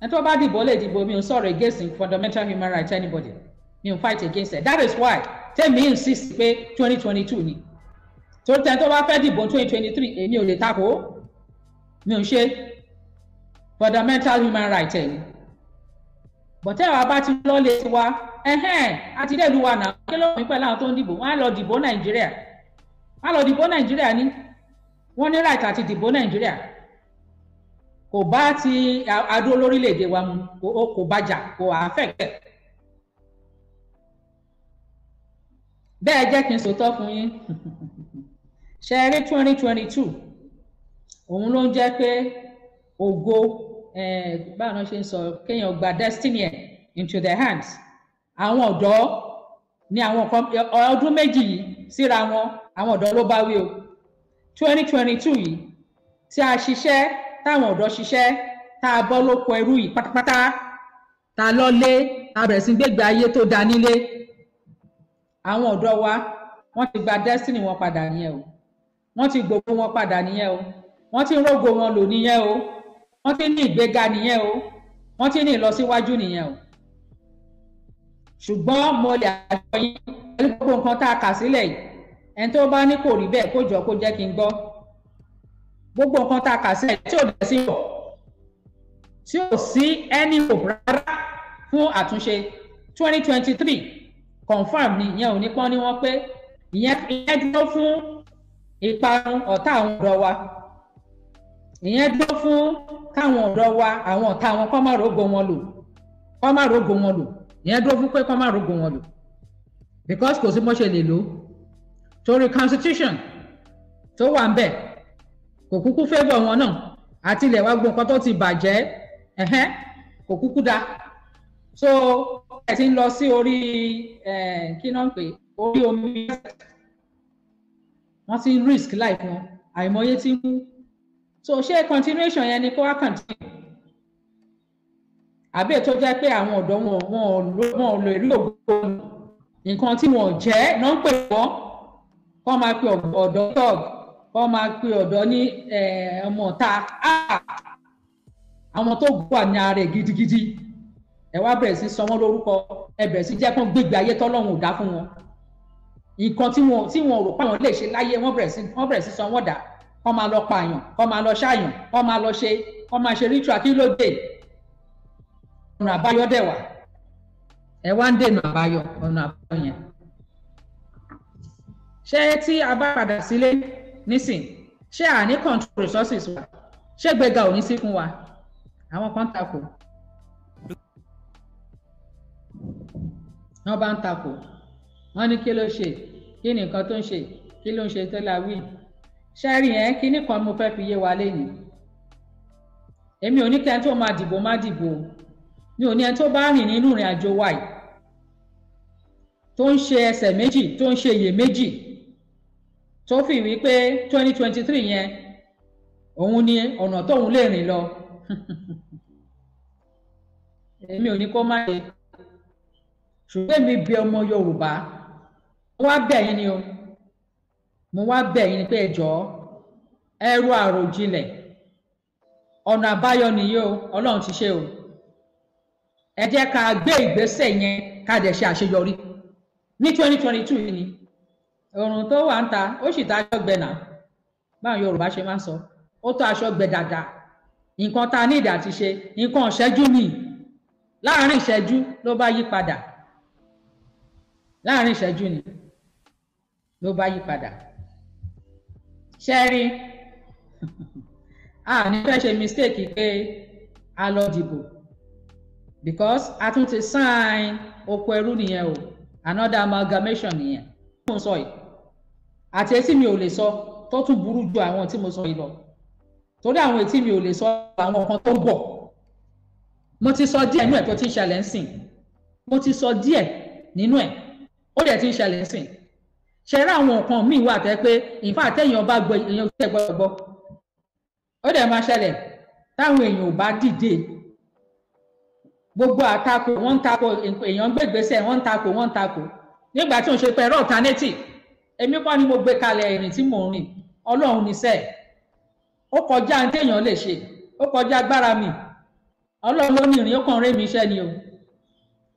ẹni tó bá dìbò lè dìbò mi ò sọ̀rọ̀ against fundamental human rights anybody mi ò fight against it that is why tèmi insist pé twenty twenty two ni tó tẹ́ tó bá fẹ́ dìbò twenty twenty three èmi ò lè takò mi ò ṣe fundamental human rights ẹ̀ ni bọ̀tẹ́ àwa bá ti lọ́ọ́ lè tiwa ẹ̀hẹ́n àti dẹ́lu wa náà kí ló ń pẹ́ láwọn tó ń dìbò wọ́n á lọ dìbò Nàìjíríà a lọ dìbò nàìjíríà ni wọ́n ní right àti dìbò nàìjíríà kò bá ti adó lórílẹ̀‐èdè wa mu kò bàjà kò àfẹ́kẹ̀. bẹ́ẹ̀ jẹ́ kí n sòtọ́ fún yín ṣe rí twenty twenty two òun ló ń jẹ́ pé ògo báwo ni wọ́n ṣe ń sọ kéèyàn gba destiny ẹ̀ into their hands àwọn ọ̀dọ́ ni àwọn ọdún méjì yìí síra wọn àwọn ọ̀dọ́ ló bá wí o twenty twenty two yìí tí a ṣiṣẹ́ táwọn ọ̀dọ́ ṣiṣẹ́ tá a bọ́ lóko ẹrú yìí pátápátá tá a lọ lé a bẹ̀rẹ̀ sí gbégbé ayé tó da nílé àwọn ọ̀dọ́ wa wọ́n ti gba destiny wọn padà nìyẹn o wọ́n ti gbogbo wọn padà nìyẹn o wọ́n ti ń rógo wọn lò nìyẹn o wọ́n ti ní ìgbéga nìyẹn o wọ́n ti ní ìlọsíwájú nìyẹn o ṣùgbọ́n mo lè àjọyìn pẹ̀lú gbogbo nǹkan tá a kà sílẹ̀ yìí ẹni tó bá ní kò rí bẹ́ẹ̀ kó jọ kó jẹ́ kí n gbọ́ gbogbo nǹkan tá a kà sílẹ̀ tí ò dẹ̀ sí wọ̀ tí ò sí any hope rárá fún àtúnṣe twenty twenty three confam ni ìyẹn ò ní pọ́n ní wọ́n pé ìyẹn ìyẹn dúró fún ìparun ọ̀tá àwọn ọ̀dọ́ wa ìyẹn dúró fún káwọn ọ̀dọ́ wa àwọn ọ̀tá wọn kọ́ má rògbò wọn lò kọ́ má rògbò wọn lò ìyẹn dúró fún pé kọ́ má rògbò wọn lò because kò sí mọ́ ṣe lè lò ó torí constitution tó wà ń bẹ kò kúkú fẹ́bọ̀ wọn náà àti ilẹ̀ wa gbọ́n kan tó ti bàjẹ́ kò kúkú da so ẹ̀ ti ń lọ sí orí kí náà ń pè orí omi wọ́n ti ń risk life wọn àìmọye ti ń kú so ṣé continuation yẹn ni kó wá continue àbí ètò jẹ́ pé àwọn ọ̀dọ́ wọn wọn ò lè rí ògbó nǹkan tí wọn ò náà ń pè wọ́n kọ́ máa pe ọ̀dọ́ tọ́g kọ́ máa pe ọ̀dọ́ ní ọmọ ọ̀ta àwọn tó wà ní ara ẹ̀ gidigidi ẹ wá bẹ̀rẹ̀ sí sọ wọ́n lórúkọ ẹ bẹ̀rẹ̀ sí jẹ́ kán gbégbé ayé tọ́lọ́run ò dá fún wọn nǹkan tí wọn tí wọn rò páwọn lè ṣe láyé wọn bẹ̀rẹ̀ sí wọn bẹ̀rẹ̀ sí sọ wọ́n dà kọ́ máa lọ pààyàn kọ́ máa lọ ṣàyàn kọ́ máa lọ ṣe kọ́ máa ṣe ritual kí ló dé ọ̀nà àbáyọ dẹ̀ wà ẹ wá ń dènà àbáyọ ọ̀nà àbáyọ yẹn ṣé tí a bá padà sílé nísìn ṣé à ní control resources wa ṣé gbẹ̀gà ò ní sí fún wa àwọn kan takò wọn bá ń takò wọn ní kí ló ṣe kí ni nǹkan tó ń ṣe kí ló ń ṣe tó la wí ṣẹ́rí yẹn kínní kan mo fẹ́ fi yé wa lẹ́yìn èmi ò ní kí ẹni tó máa dìbò má dìbò mi ò ní ẹni tó bá rìn nínú ìrìn àjò wa tó ń ṣe ẹsẹ̀ méjì tó ń ṣe iyèméjì tó fi pé twenty twenty three yẹn òun ni ọ̀nà tóun lè rìn lọ èmi ò ní kó má ṣe ṣùgbọ́n èmi bẹ ọmọ Yorùbá mo wá bẹ̀ yín ni o mo wá bẹ̀ yín ni pé ẹ jọ̀ọ́ ẹ ro àròjinlẹ̀ ọ̀nà àbáyọ nìyí o Ọlọ́run ti ṣe o ẹ jẹ́ ká gbé ìgbésẹ̀ yẹn ká dẹ̀ ṣe àṣeyọrí ní twenty twenty two yìí ni òrùn tó wà ń ta ó sì ta aṣọ gbẹ náà báwọn yorùbá ṣe máa ń sọ ó tó aṣọ gbẹ dáadáa nǹkan ta ní ìdá ti ṣe nǹkan ìṣẹ́jú mi láàrin ìṣẹ́jú ló bá yí padà láàrin ìṣẹ́jú ni ló bá yí padà ṣe rí fẹ́ ṣe mistake pé a lọ dìbò because a tún ti sign oko ẹrú nìyẹn o another amalgamation nìyẹn àti etí mi ò lè sọ tó tún burú ju àwọn tí mo sọ yìí lọ torí àwọn etí mi ò lè sọ àwọn kan tó ń bọ̀ mo ti sọ díẹ̀ nínú ẹ̀ tó ti ń ṣẹlẹ̀ ń sìn mo ti sọ díẹ̀ nínú ẹ̀ ó dẹ̀ ti ń ṣẹlẹ̀ ń sìn ṣẹ̀rẹ́ àwọn nǹkan míì wà tẹ́ pé ìfà àtẹ̀yìn ọba gbọ́ èèyàn tẹ̀ gbọ́ ó dẹ̀ máa ṣẹlẹ̀ táwọn èèyàn ò bá dìde gbogbo àtakò wọ́n ń takò èèyàn gbégbèsè wọ́n ń takò wọ́n ń takò nígbà tí òun ṣe pé ẹ̀rọ alternative èmi kọ́ ni mo gbé kalẹ̀ ìrìn tí mò ń rìn ọlọ́run níṣẹ́ ó kọjá ní téèyàn lè ṣe ó kọjá agbára mi ọlọ́run ló ní ìrìn ó kàn rẹ́ mi iṣẹ́ ni o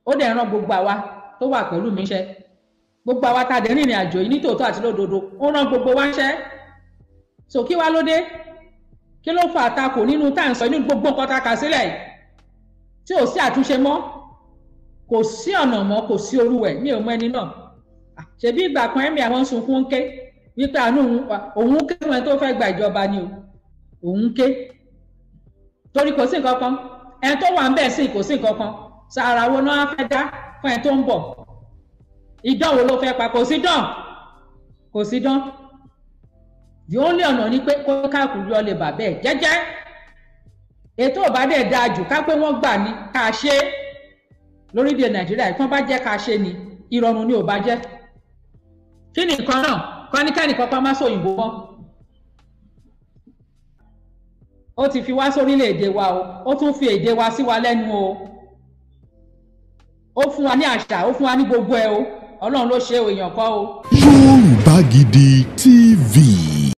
ó dẹ̀ ràn gbogbo àwa tó wà pẹ̀lú mi iṣẹ́ gbogbo àwa tá a dẹ̀ rìnrìn àjò yìí nítòótọ́ àti lódodo ó ràn gbogbo wa iṣẹ́ so kí wá ló dé kí ló fà àtakò nínú tá à ń sọ nínú gbogbo nǹkan tá a kà sílẹ̀ tí ò sí àtúnṣe mọ́ kò sí ọ̀nà mọ́ kò sí orúwẹ̀ mi ò mọ ẹni náà ṣebí ìgbà kan ẹ̀mí àwọn sunkún ké wípé àánú òun ké wọn tó fẹ́ gba ìjọba ni o òun ké torí kò sí nǹkan kan ẹni tó wà ń bẹ̀ sí kò sí nǹkan kan sàrà wo náà fẹ́ dá fún ẹni tó ń bọ̀ idán wo ló fẹ́ pa kò sí dán kò sí dán the only ọ̀nà ni pé kó káàkiri yọ lè bà bẹ́ẹ̀ jẹ́jẹ́ ètò ò bá dẹ̀ dáa jù ká pé wọ́n gbà ní ká ṣe lórílẹ̀ Nàìjíríà tí bá jẹ́ ká ṣe ni ìrọ̀rùn ni ò bá jẹ́ kí ni nǹkan náà kọ́ ní kẹ́nìkan pa mọ́ ó ti fi wá sórílẹ̀-èdè wa o ó tún fi èdè wa sí wa lẹ́nu o ó fún wa ní àṣà ó fún wa ní gbogbo ẹ o ọlọ́run ló ṣe èèyàn kọ́ o. Yorùbá Gidi TV.